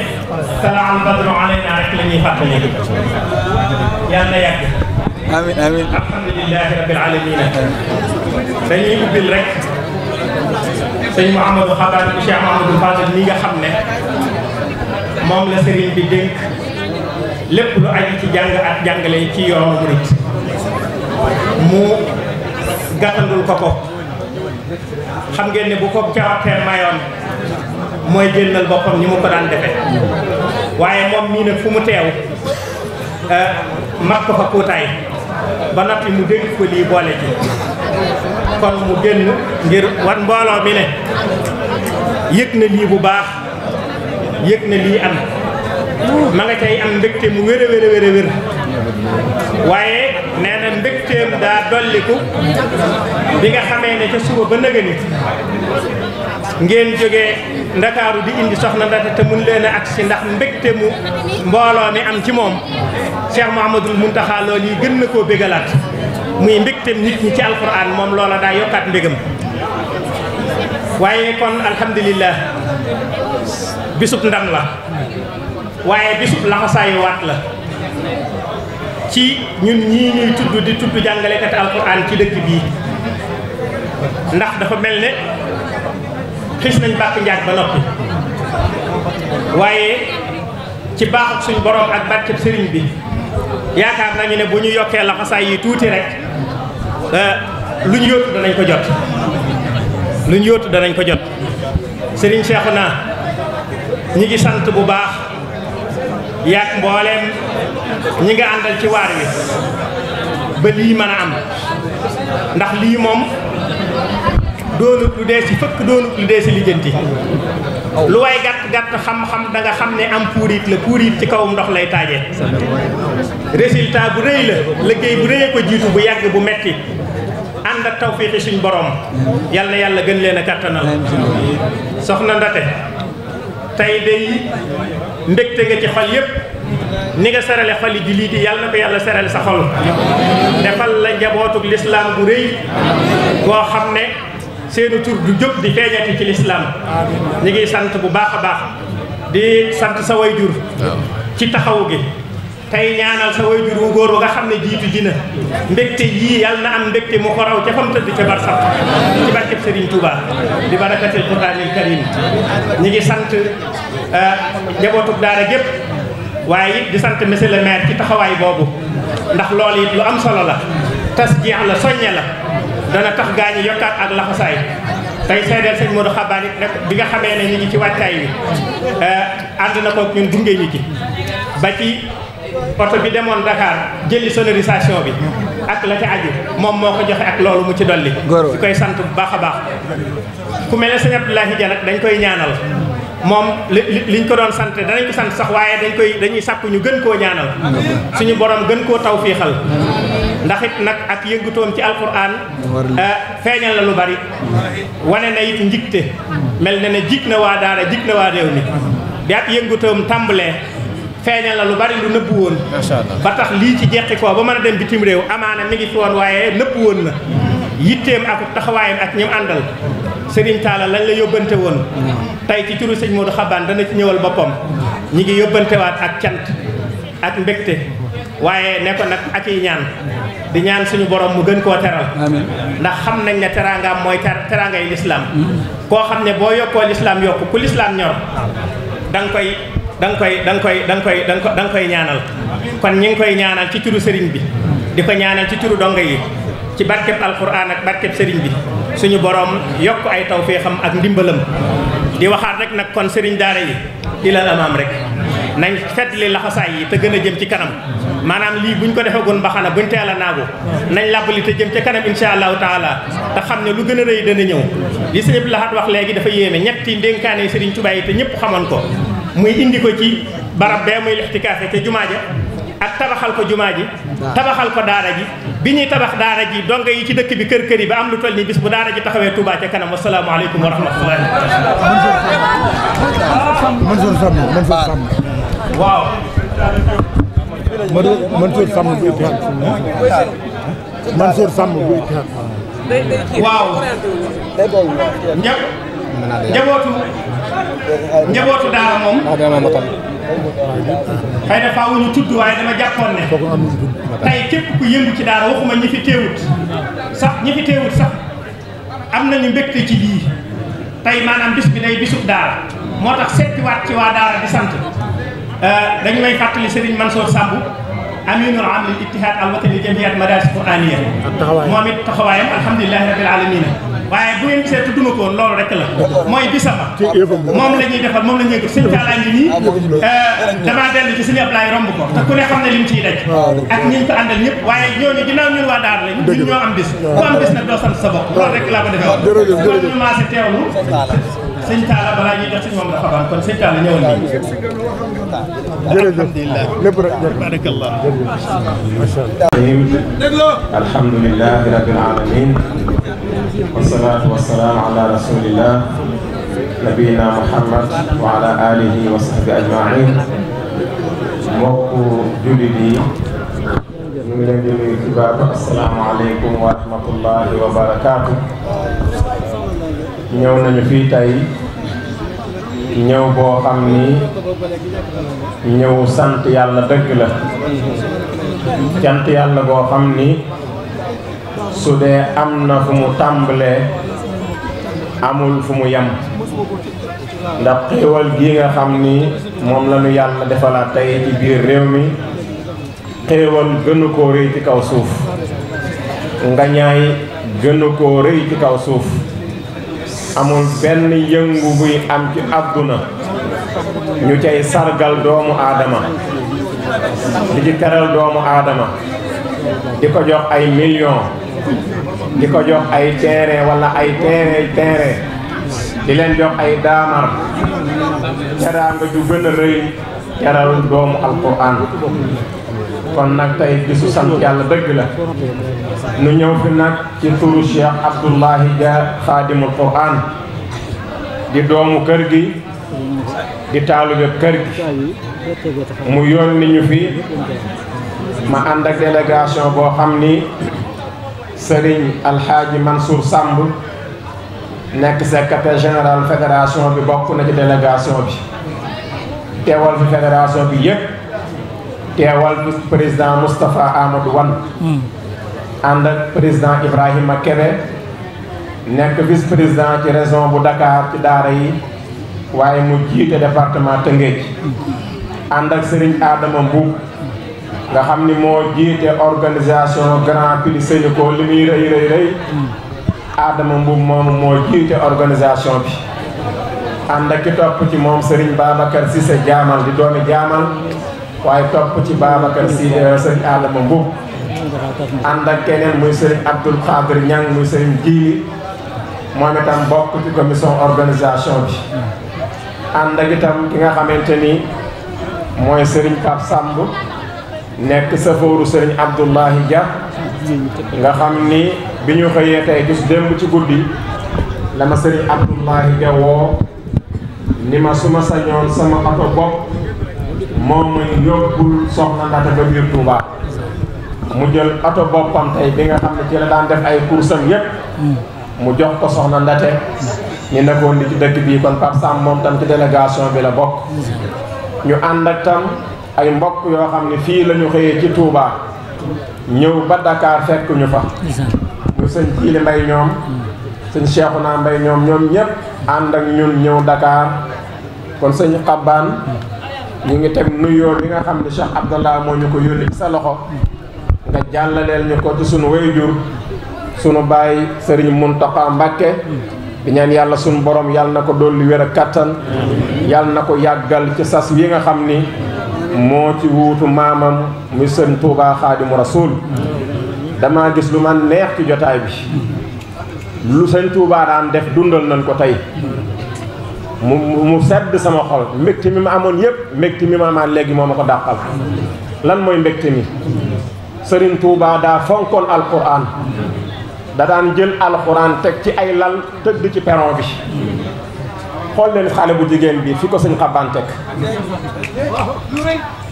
sala al badru alayna rek la ñuy fàttali yàlla na yàgg amin amin alhamdulilahi alamin dañuy ubbil rek sëñ Mouhamadou Xabaar bi Cheikh mi nga xam ne moom la sëriñ bi dénk lépp lu aju ci jàng ak jàngale ci yoonu murit mu gàttandul ko ko xam ngeen ne bu ko cawatee mayoon mooy génnal boppam ni mu ko daan defe waaye moom mii nag fu mu teew euh, mag ko fa kuutaay ba noppi mu dégg ko lii boole ji kon mu génn ngir wan mbooloo mi ne yëg na lii bu baax yëg na lii am ma nga cay am mbégte mu wér a wér waaye nee na mbégteem daa dolliku bi nga xamee ne ca suba ba nëga nit ngeen jógee ndakaaru di indi soxna Ndata te mun leen a si ndax mbégte mu am ci moom Cheikh Mouhamadoul Mountakha lool yi gën na koo bégalaat muy mbégteem nit ñi ci alquran moom loola daa yokkaat mbégam waaye kon alhamdulillah bisub ndam la waaye bisub laxasaayu waat la ci ñun ñii ñuy tudd di tudd jàngalekat alxuraan ci dëkk bii ndax dafa mel ne xis nañ bàkk njaag ba noppi waaye ci baaxut suñ borom ak barkeb sëriñ bi yaakaar nañu ne bu ñu yokkee laxasaay yi tuuti rek euh, lu ñu yóotu danañ ko jot lu ñu yóotu danañ ko jot sëriñ Seexuna ñi ngi sant bu baax yàgg mbooleem ñi nga àndal ci waar wi ba lii mën a am ndax lii moom doonut lu dee ci fëkk doonut lu dee si lijjanti lu waay gàtt gàtt xam-xam da nga xam ne am puurit la puurit ci kawum ndox lay taaje résultat bu rëy la liggéey bu rëy ko jiitu bu yàgg bu metti ànd ak tawfiixi suñ borom yal na yàlla gën leen a kàttanal soxna Ndate tey day mbégte nga ci xol yépp ni nga sarale xol yi lii di yàlla na ko yàlla sarale sa xol defal la njabootug lislaam bu rëy koo xam ne seeni tur du jóg di feeñati ci lislaam ñu ngi sant bu baax a baax di sant sa way jur ci taxawu gi tey ñaanal sa wayjur wu góor ba nga xam ne jiitu ji na mbégte yii yàlla na am mbégte mu ko raw ca fam tëdd ca barsax ci barkeb Serigne Touba di barakatil Qur'anil Karim ngi sant euh, njabootug daara gépp waaye di sant monsieur le ci taxawaay boobu ndax loolu it lu am solo la tas jeex la soññe la dana tax gaa ñi yokkaat ak laxasaay tey seedeel sëñ Modou Xabaan it nag bi nga xamee ne ñu ngi ci wàccaay wi euh, ànd na ko ñun gunge ñi ci ba ci oto bi demoon Dakar jëli sonorisation bi ak la ca aju moom moo ko joxe ak loolu mu ci dolli su koy sant bu baax a baax ku mel ne sëñ Abdoulaye Dia nag dañ koy ñaanal moom liñ ko doon sant danañ ko sant sax waaye dañ koy dañuy sàkku ñu gën koo ñaanal suñu borom gën koo tawfiixal ndax it nag ak yëngutoom ci alquran euh, feeñal la lu bari wane na it njigte mel na ne jig na waa daara jig na waa réew mi ak yëngutoom tàmbalee feeñal la lu bari lu nëbb woon ba tax lii ci jeqi ko ba mën a dem bitim réew amaana mi ngi fi woon waaye nëbb woon na yitteem ak taxawaayam ak ñim àndal sëriñ Talla lañ la yóbbante woon tey ci turu sëñ Modou Xabaan dana ci ñëwal boppam ñi ngi yóbbantewaat ak cant ak mbégte waaye ne nag ak yi ñaan di ñaan suñu borom mu gën koo teral ndax xam nañ ne teraangaam mooy teraangay lislaam mm-hmm. koo xam ne boo yokkoo lislaam yokk ku lislaam ñor danga da koy da koy da nga koy da nga koy ñaanal kon ñi ngi koy ñaanal ci turu sëriñ bi di ko ñaanal ci turu donga yi ci barkeb alquran ak barkeb sëriñ bi suñu borom yokk ay taw xam ak ndimbalam di waxaat rek nag kon sëriñ daara yi ilal amaam rek nañ feddli laxasaay yi te gën a jëm ci kanam maanaam lii buñ ko defeegoon mbaxana buñ teel a naagu nañ li te jëm ca kanam insha allahu taala te xam ne lu gën a rëy dana ñëw li sëriñ Abdou Lahad wax léegi dafa yéeme ñetti ndénkaane sëriñ Tuubaa yi te ñëpp xamoon ko muy indi ko ci barab bee muy lixtikaafe ca jumaa ja ak tabaxal ko jumaa ji tabaxal ko daara ji bi ñuy tabax daara ji donga yi ci dëkk bi kër kër yi ba am lu toll ni bis bu daara ji taxawee Touba ca kanam wasalaamu aleykum wa rahmatullahi Mansour waaw Mansour Samb bu Itihad Mansour Samb bu Itihad waaw njabootu njabootu daara moom. ndax dama matal. xëy na faaw ñu tudd waaye dama jàppoon ne. tey képp ku yëngu ci daara waxuma ñi fi teewut. sax ñi fi teewut sax am nañu mbégte ci lii tey maanaam bis bi day bisub daara moo tax settiwaat ci waa daara di sant euh, dañu may fàttali Serigne Mansour Samb aminul am lil ittihad al watani jamiat madaris quraniya moom it taxawaayam alhamdulilahi rabil alamina waaye bu ngeen gisee tudduma ko woon loolu rek la mooy bisama moom la ñuy defal moom la ñuy def sëñ Talla ngi nii euh, damaa dellu ci sëñ Ablaye romb ko te ku ne xam ne li mu ciy daj ah, ak ñi ñu ko àndal ñëpp waaye ñooñu ginnaaw ñun waa daar lañ ñun ñoo am bis ah. ku am bis nag doo sant sa bopp loolu rek laa ko defee woon kon ñu maase teewlu sëñ Talla balaa ñuy def sëñ moom dafa baax kon sëñ Talla ñëwal nii alhamdulilah lépp rek barakallah alhamdulilah rabbil alamin wasalaatu wasalaam ala rasulillah nabiyina muhammad wa ala alihi wa sahbi ajmain mbokk jullit yi ñu ngi leen di nuyu ci baatu asalaamaaleykum wa rahmatullahi wa barakaatu ñëw nañu fii tey ñëw boo xam ni ñëw sant yàlla dëgg la cant yàlla boo xam ni su am na fu mu tàmbalee amul fu mu yem ndax xéewal gi nga xam ni moom la ñu yàlla defalaat tey ci biir réew mi xéewal gënu koo ci kaw suuf nga gënu koo rëy ci kaw suuf amul benn yëngu buy am ci àdduna ñu cay sargal doomu aadama di ci doomu aadama di ko jox ay miliyon di ko jox ay terrain walla ay terrain terrain di leen jox ay daamar teraanga ju gën a rëy teral doomu alquran kon nag tey bisu sant yàlla dëgg la nu ñëw fi nag ci turu Cheikh Abdoulahi Dia xaadimul quran di doomu kër gi di taalube kër gi mu yónni ñu fi ma ànd ak boo xam ni sëriñ alxaaji Mansour Samb nekk secrétaire général fédération bi bokk na ci délégation bi teewal fi fédération bi yëpp teewal fi président Moustapha Amadou Wan hmm. ànd ak président ma Kebe nekk vice président ci région bu Dakar ci daara yi waaye mu jiite département Tëngéej hmm. ànd ak sëriñ Adama Mbuub nga xam ni moo jiite organisation grand prix Sénico li muy rëy rëy rëy Adama Mbuub moom moo jiite organisation bi ànd ak ki topp ci moom Serigne Babacar Cissé jaamal di doomi jaamal waaye topp ci Babacar si euh, Serigne Adama Mbuub ànd ak keneen muy Serigne Abdoul Khadir Niang muy Serigne Jili moom itam bokk ci commission organisation bi ànd ak itam ki nga xamante ni mooy sëriñ Pape Samb nekk safooru sëriñ Abdullahi Dia nga xam ni bi ñu xëyee tey bis démb ci guddi la ma sëriñ Abdullahi Dia woo ni ma su ma sañoon sama oto bopp moo may yóbbul soxna Ndata ba biir Touba mu jël oto boppam tey bi nga xam ne ci la daan def ay kursam yépp mu jox ko soxna Ndate ñu nekkoon di ci dëkk bii kon Pape moom tam ci délégation bi la bokk ñu ànd ak tam ay mbokk yoo xam ne fii la ñu xëyee ci Touba ñëw ba Dakar fekk fa ñu sëñ Jiili Mbay ñoom sëñ Cheikhouna Mbay ñoom ñoom ànd ak ñun ñëw dakaar kon sëñ Xabbaan ñu ngi teg nuyoo bi nga xam ne Cheikh Abdallah moo ñu ko yónni sa loxo nga jàllaleel ñu ko ci suñu wayjur sunu baay sëriñ Muntaxa Mbàkke di ñaan yàlla suñu boroom yàlla na ko dolli wér ak kattan yàlla na ko yàggal ci sas yi nga xam ni moo ci wuutu maamam muy sëñ Tuubaa Xaadimu Rasuul damaa gis lu man neex ci jotaay bi lu sëñ Tuubaa daan def dundal nañ ko tey mu mu sedd sama xol mbégte mi ma amoon yëpp mbégte mi ma amaan léegi moo ma ko dàqal lan mooy mbégte mi sëriñ Tuubaa daa fonkoon alquran da daan jël alquran teg ci ay lal tëdd ci peron bi xool leen xale bu jigéen bi fi ko sëñ xabaan teg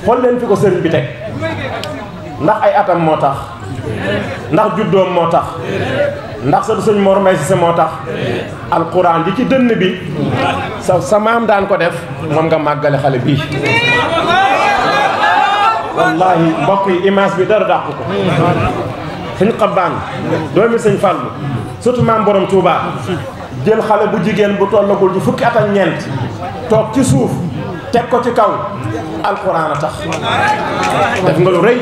xool leen fi ko sëriñ bi teg ndax ay atam moo tax ndax juddoom moo tax ndax sa sëñ Mor Mbay Sise moo tax alxuraan ji ci dënn bi sa samaam maam daan ko def moom nga màggale xale bii wallahi mbokk yi image bi dara daq ko sëñ xabaan doomi sëñ Fallu surtout maam borom Touba. jël xale bu jigéen bu tollagul ci fukki at ñeent toog ci suuf teg ko ci kaw alxuraan a tax def nga lu rëy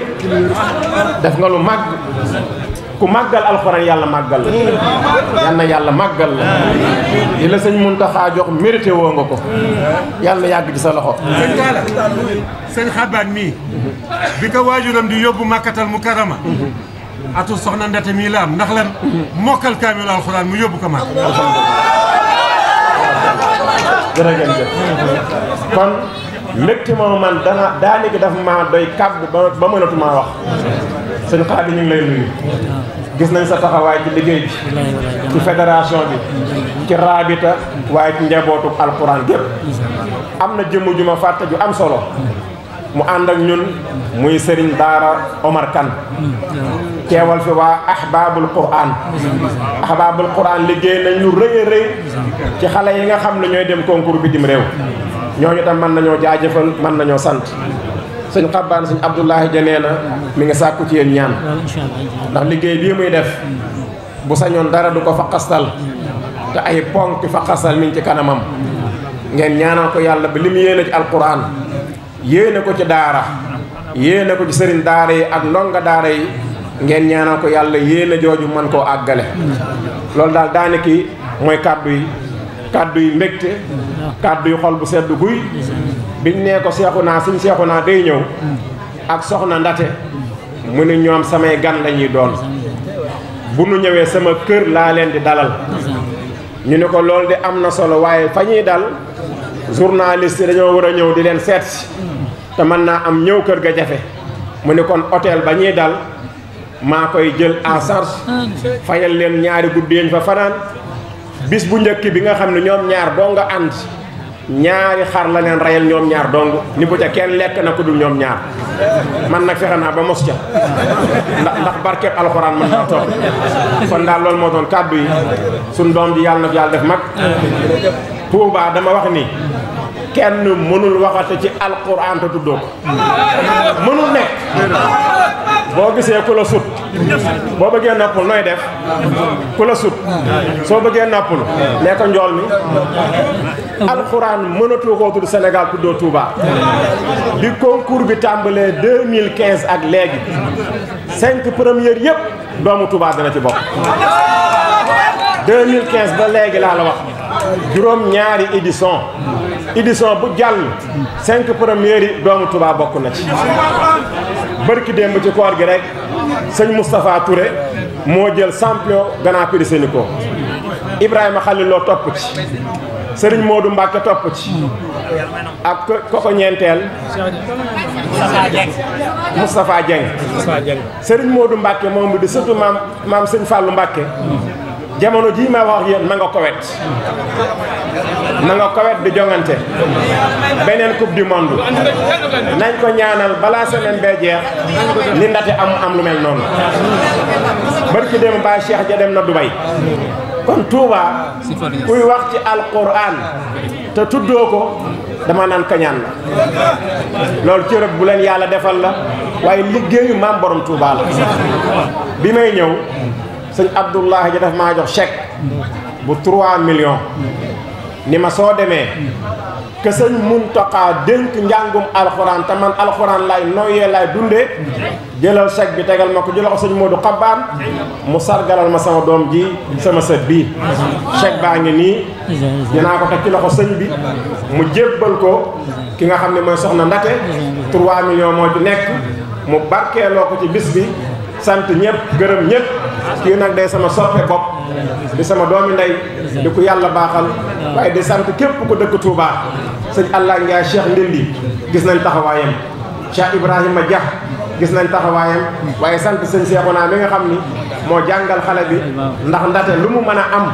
def nga lu màgg ku màggal alxuraan yàlla màggal la na yàlla màggal la li la sëñ Muntaxa jox mérité nga ko yàlla yàgg ci sa loxo sëñ Talla sëñ Xabaan mii bi ko waajuram di yóbbu màkkatal mu karama atu soxna Ndete mii la am ndax lan mokkal kaamil alxuraan mu yóbbu ko mag jërëjëf kon mbégte moomu man dana daanaka daf maa doy kàddu ba mënatumaa wax sëñ xaar ñu ngi lay nuyu gis nañ sa taxawaay ci liggéey bi ci fédération bi ci raabita waaye ci njabootu alxuraan gépp am na jëmm ju ma fàtte ju am solo mu ànd ak ñun muy sëriñ daara Omar Kane teewal fi waa ahbaabul quraan ahbaabul quraan liggéey nañ ñu rëy ci xale yi nga xam ne ñooy dem concours bitim réew ñooñu tam mën nañoo jaajëfal mën nañoo sant sëñ xabbaan suñ abdullahi ja nee na mi ngi sàkku ci yéen ñaan ndax liggéey bii muy def bu sañoon dara du ko fa xastal te ay ponk fa xastal mi ngi ci kanamam ngeen ñaanal ko yàlla bi li mu yéene ci yéene ko ci daara yéene ko ci sëriñ daara yi ak ndonga daara yi ngeen ñaanal ko yàlla yéene jooju man koo àggale loolu daal daane daanaka mooy kàddu yi kàddu yi mbégte kàddu yi xol bu sedd guy biñ nee ko seexu naa suñ seexu naa day ñëw ak soxna ndate mu ne ñoom samay gan lañuy doon bu nu ñëwee sama kër laa leen di dalal ñu ne ko loolu de am na solo waaye fa dal journaliste si dañoo war a ñëw di leen seet te mën naa am ñëw kër ga jafe mu ne kon hôtel ba ñuy dal maa koy jël en charge fayal leen ñaari guddi yañ fa fanaan bis bu njëkk bi nga xam ne ñoom ñaar dong nga ànd ñaari xar la leen reyal ñoom ñaar dong ni bu ca kenn lekk na ko ñoom ñaar man nag fexe naa ba mos ca ndax ndax barkeeb alxuraan mën naa toog kon daal loolu moo doon kàddu yi suñ doom ji yàlla na ko yàlla def mag Touba dama wax ni kenn mënul waxate ci alquran te tuddoo ko mënul nekk boo gisee ku la sut boo bëggee noppul nooy def ku la sut soo bëggee noppul nee ko njool mi alxuraan mënatoo koo tudd Sénégal tuddoo Touba bi concours bi tàmbalee 2015 ak léegi cinq yëpp doomu Touba ci bokk 2015 ba léegi laa la wax juróom ñaari édition édition bu jàll cinq premières yi doomu Touba bokk na ci bërki démb ci koor gi rekk sëñ Moustapha Touré moo jël champion Grand Prix Sénico Ibrahima Khalil Lo topp ci sëriñ Modou Mbacke topp ci ak ko ko ñeenteel Moustapha Dieng Sëriñ Modou Mbacke moom bi di surtout maam maam sëñ Fallou Mbacke jamono jii ma wax yéen ma nga kowet ma nga kowet di jongante beneen coupe du monde nañ ko ñaanal balaa semaine bee jeex ni ndate am am lu mel noonu barki dem ba ja dem na Dubai kon Touba kuy wax ci alquran te tuddoo ko dama naan kañaan loolu ci rëb bu leen yàlla defal la waaye liggéeyu maam borom Touba la bi may ñëw sëñ Abdoulaye ji daf maa jox chèque bu 3 millions ni ma soo demee que sëñ Muntaxa dénk njàngum alxuraan te man alxuraan lay noyyee lay dundee jëlal chèque bi tegal ma ko jëlal ko sëñ Modou Xabbaan mu sargalal ma sama doom ji sama set bii chèque baa ngi nii ñu ko teg ci loxo sëñ bi mu jébbal ko ki nga xam ne mooy soxna Ndate 3 millions moo ci nekk mu barkeeloo ko ci bis bi sant ñëpp gërëm ñëpp kii nag day sama soppe bopp di sama doomi ndey di ko yàlla baaxal waaye di sant képp ku dëkk Touba sëñ Alla Ndiaye Cheikh Ndindi gis nañ taxawaayam Cheikh Ibrahima Dia gis nañ taxawaayam waaye sant sëñ Cheikhouna mi nga xam ni moo jàngal xale bi ndax ndate lu mu mën a am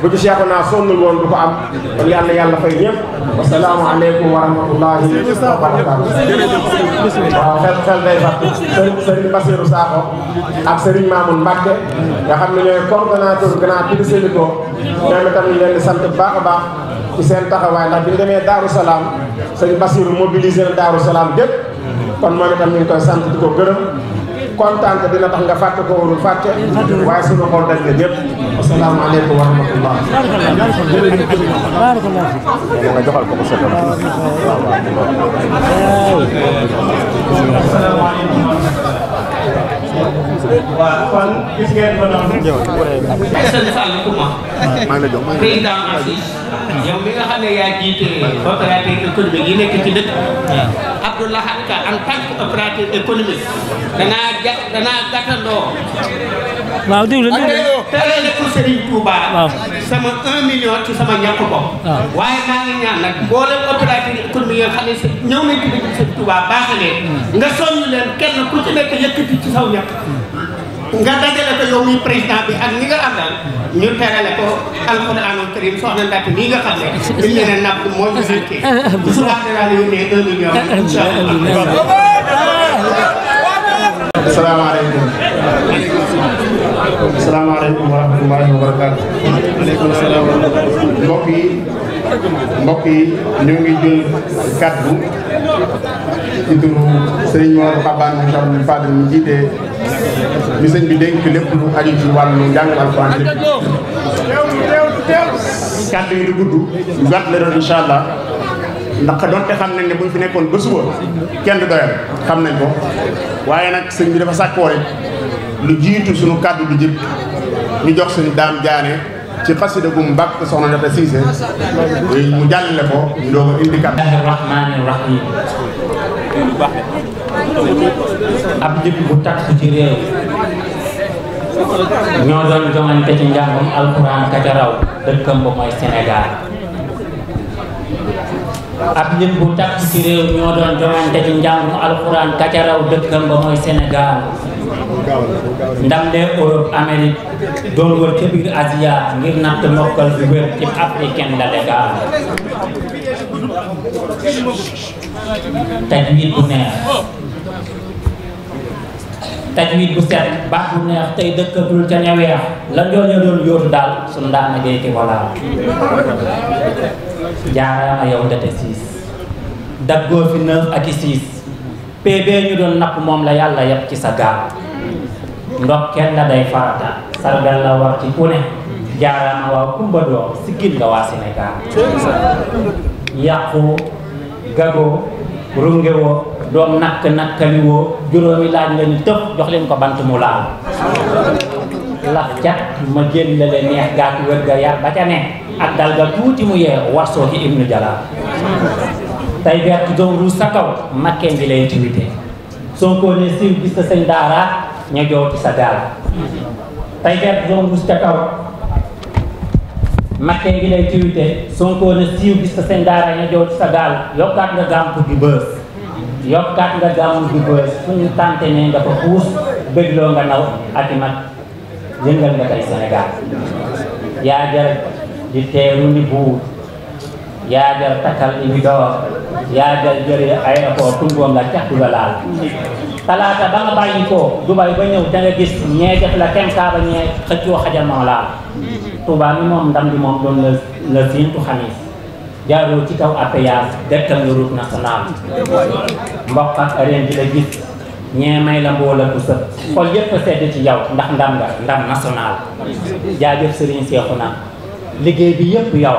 bu ci Cheikhouna sonnul woon du ko am kon yàlla yàlla fay ñëpp wasalaamu aleykum wa rahmatullahi wa barakaatu waaw xel xel day fat sëriñ Bassirou Sakho ak sëriñ Mamoun Mbacke nga xam ne ñooy coordonnateur Grand Prix Sénico ñoom itam ñu leen di sant bu baax baax ci seen taxawaay ndax bi ñu demee Daaru Salaam sëñ Bassirou mobilisé na Daaru Salaam gépp kon moom itam ñu ngi koy sant di ko gërëm kontaan te dina tax nga fàtte ko warul fàtte waaye suñu xol daj na ñëpp asalaamaaleykum wa rahmatullah nga joxal ko ko soxla waaw kon gis ngeen ko noonu. sëñ Sall Kouma. maa ngi lay jox maa ngi lay jox président Assis yow mi nga xam ne yaa jiite Abdoulahat Ka en tant qu'opérateur économique danaa ja danaa gàttandoo. waaw déglu déglu terele pour Serigne Touba. waaw sama 1 million ci sama ñàkk bopp. waaw waaye maa ngi ñaan nag mboolem opérateur économique yoo xam ne si ñëw nañu ci dëkk Serigne Touba baaxalee. Hmm. nga soññ leen kenn ku ci nekk yëkkati ci saw ñàkk. nga dajale ko yow mi président bi ak ñi nga am daal ñu terale ko alxuraanul karim soxna Ndatte mii nga xam ne dañu leen a napp moo ñu fekkee bu subaa dinaa la yónnee un million incha allah. salaamaaleykum. salaamaaleykum wa rahmatullaahi wa barakaatu. maaleykum salaam. mbokk yi mbokk yi ñu ngi jël kàddu ci turu Serigne Mor Xabaan Fatim mi jiite. ñu sëñ bi dénk lépp lu aju ci wàllu njàng alxuraan kàddu yi du gudd lu gàtt la doon incha allah ndax donte xam nañ ne bu fi nekkoon ba suba kenn du xam nañ ko waaye nag sëñ bi dafa sàkkoo lu jiitu suñu kàddu du jib ñu jox suñu daam jaane ci xasida gu mbàkk mu jàllale ko ñu doog a indi kàddu rahmaani rahim ab jëpp bu ñoo doon jongante ci njàngum alxuraan ka ca raw dëkkam ba mooy Sénégal ab lim bu takk ci réew ñoo doon jongante ci njàngum alxuraan ka dëkkam ba mooy senegaal ndam lee Europe Amérique doon wër biir Asia ngir natt mokkal bi wér ci africain la légal tajwid bu neex tajwid bu set baax bu neex tey dëkkatul ca ña weex la ñooñu doon yóotu daal sunu daan ngay ki walaal jaaraama yow ndete siis daggoo fi neuf ak i siis pb ñu doon napp moom la yàlla yëpp ci sa gaal ndokkeel la day farata sargal la war ci ku ne waa kumba doom si nga waa Sénégal yàqu gago rungewoo doom nakk nakkaliwoo juróomi laaj la ni tëf jox leen ko bant mu laal laf cat ma jël la leen neex gaa ga yar ba ca ne ak dal ga tuuti mu yee warsoo ci ibnu jalaal tey vert zone rouge sa kaw makkeen bi lay tiwite soo siiw gis sa sëñ daara ña jootu sa gaal tey vert zone rouge ca kaw makkeen bi lay tiwite soo ko ne siiw gis sa sëñ daara ña jootu sa gaal yokkaat nga gàmpu di bës yokkaat nga gàmmu gi ba fu ñu tànte ne nga ko puus bégloo nga naw ati mag yëngal nga tey Sénégal yaa di teeru ni buur yaa takkal ibi door yaa jar jëri tungoo nga cax la laal talaata ba nga bàyyi ko Dubaay ba ñëw te nga gis ñee def la kenn kaaba ñee xëccoo xajal moo laal Touba mi moom ndam di moom doon la la siintu xamis jaaroo ci kaw apéage dettal nga route nationale mbokk ak arène bi la ñee may la mbool ku sët xol yëpp a sedd ci yow ndax ndam nga ndam national jaajëf sëriñ Seexuna liggéey bi yëpp yow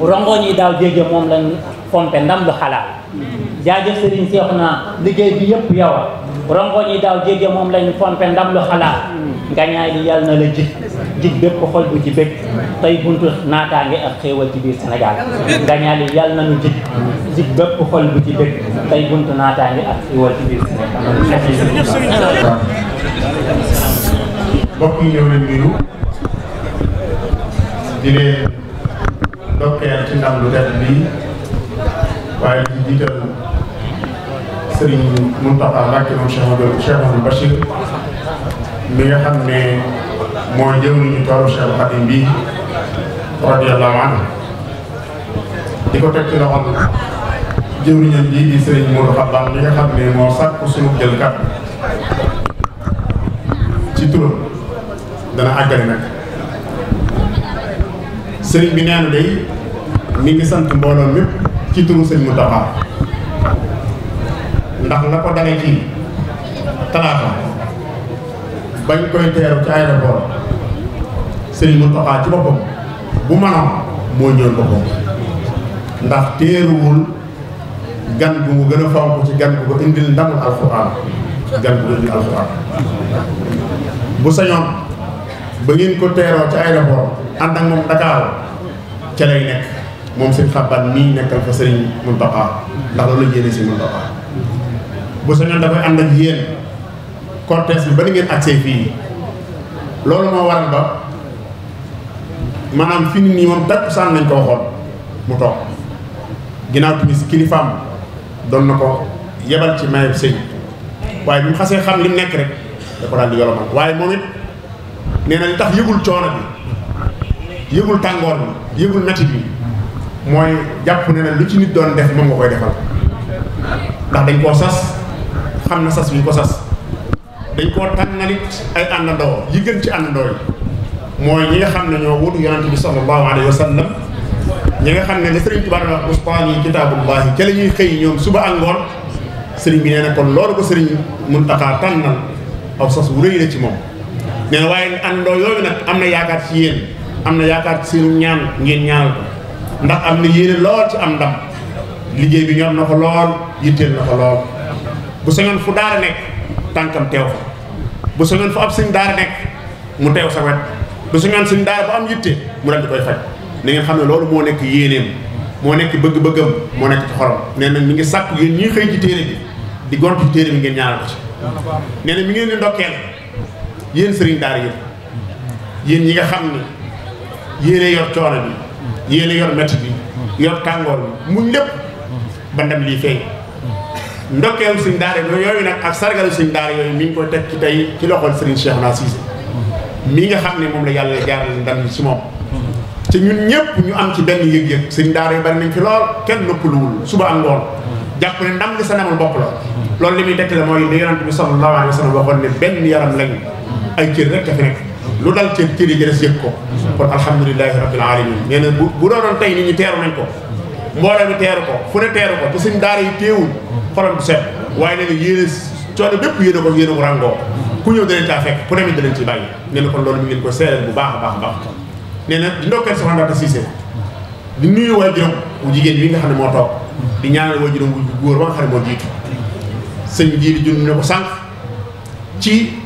rongoñ yi daaw jéege moom lañ fompe ndam lu xalaal jaajëf sëriñ na liggéey bi yëpp yow rongoñ yi daaw jéeg moom lañ pompe ndam lu xalaat ngañaay li yàlla na la jig jig bépp xol bu ci bépp tey buntu naataange ak xéewal ci biir Sénégal ngañaay li na nu jig jig bépp xol bu ci bépp tey buntu naataange ak xéewal ci biir Sénégal mbokk yi ñëw leen nuyu di ci ndam lu def bi waaye di sëriñ Mountakha Mbacké moom Cheikh Amadou Cheikh Amadou mi nga xam ne moo jëwriñu toolu Cheikh Khadim bi radiyallahu anhu di ko teg ci loxol jëwriñam di sëriñ Modou Xabaan mi nga xam ne moo sàkk suñu jël kat ci turam dana àggale nag sëriñ bi nee na day ngi sant mbooloo mépp ci turu sëñ Mountakha ndax la ko dalee ci talaata bañ koy teeru ci aéroport sëriñ Mountakha ci boppam bu manoon moo ñëw boppam ndax teeruwul gan bu mu gën a fonk ci gan bu ko indil ndamul alxuraan gan bu ko indil alxuraan bu sañoon ba ngeen ko teeroo ci aéroport ànd ak moom Dakar ca lay nekk moom seen xabaat nii nekkal fa sëriñ Mountakha ndax loolu la yéene si Mountakha bu sañoon dafay ànd ak yéen cortège bi ba ni ngeen accès fii loolu moo waral ba maanaam fi nit ñi moom takkusaan nañ ko waxoon mu toog ginnaaw timis kilifaam doon na ko yebal ci mayeb sëñ waaye bi mu xasee xam li mu nekk rek da ko daal yolomal waaye moom it nee na li tax yëgul coono bi yëgul tàngoor bi yëgul metit bi mooy jàpp ne na lu ci nit doon def moom nga koy defal ndax dañ koo sas xam na sas mu ko sas dañ koo tànnalit ay àndandoo yi gën ci àndandoo yi mooy ñi nga xam ne ñoo wutu yonante bi sallallahu alayhi wa sallam ñi nga xam ne li sëriñ Tuubaa wax ustaan yi suba ak ngoon sëriñ bi nee na kon loolu ko sëriñ Muntaxaa tànnal aw sas wu rëy la ci moom nee na waaye àndandoo yooyu nag am na yaakaar ci yéen am na yaakaar ci seenu ñaan ngeen ñaanal ko ndax am na yéene lool ci am ndam liggéey bi ñor na ko lool yitteel na ko lool bu sañoon fu daara nekk tànkam teew fa bu sañoon fu ab sëñ daara nekk mu teew sa wet bu sañoon sëñ daara bu am yitte mu dal di koy faj na ngeen xam ne loolu moo nekk yéeneem moo nekk bëgg-bëggam moo nekk ci xorom nee na mi ngi sàkk yéen ñii xëy ci téere bi di gont ci téere bi ngeen ñaanal ko ci nee na mi ngi leen di ndokkeel yéen sëriñ daara yéen yéen ñi nga xam ne yéene yor coono bi yéene yor métti bi yor tàngoor bi muñ lépp ba ndam lii feeñ ndokkeelu suñ daara yooyu nag ak sargalu suñ daara yooyu mi ngi koy teg ci tey ci loxol Serigne Cheikhouna Cissé mi nga xam ne moom la yàlla jaarale ndam ci moom ci ñun ñëpp ñu am ci benn yëg-yëg suñ daara ñu bari nañ ci lool kenn noppaluwul suba ak ngoon jàpp ne ndam li sa namal bopp la loolu li muy tekk la mooy li yonent bi sallallahu alayhi wa sallam waxoon ne benn yaram lañ ay cër rek a fi nekk lu dal cër cër yi jëres yëg ko kon alhamdulilahi rabbil alamin nee na bu bu doonoon tey nit ñi teeru nañ ko mbooloo mi teeru ko fu ne teeru ko te suñ daara yi teewul xolam du set waaye nee na yéen coono bépp yéen a ko yéen ko ràngoo ku ñëw danañ caa fekk ku ne mi danañ ci kon loolu mi ngeen ko seeral bu baax a baax a baax nee na di ndokkeel di nuyu waajuram wu jigéen wi nga xam ne moo toog di ñaanal waajuram wu góor ba nga jiitu sëñ jii di jun ci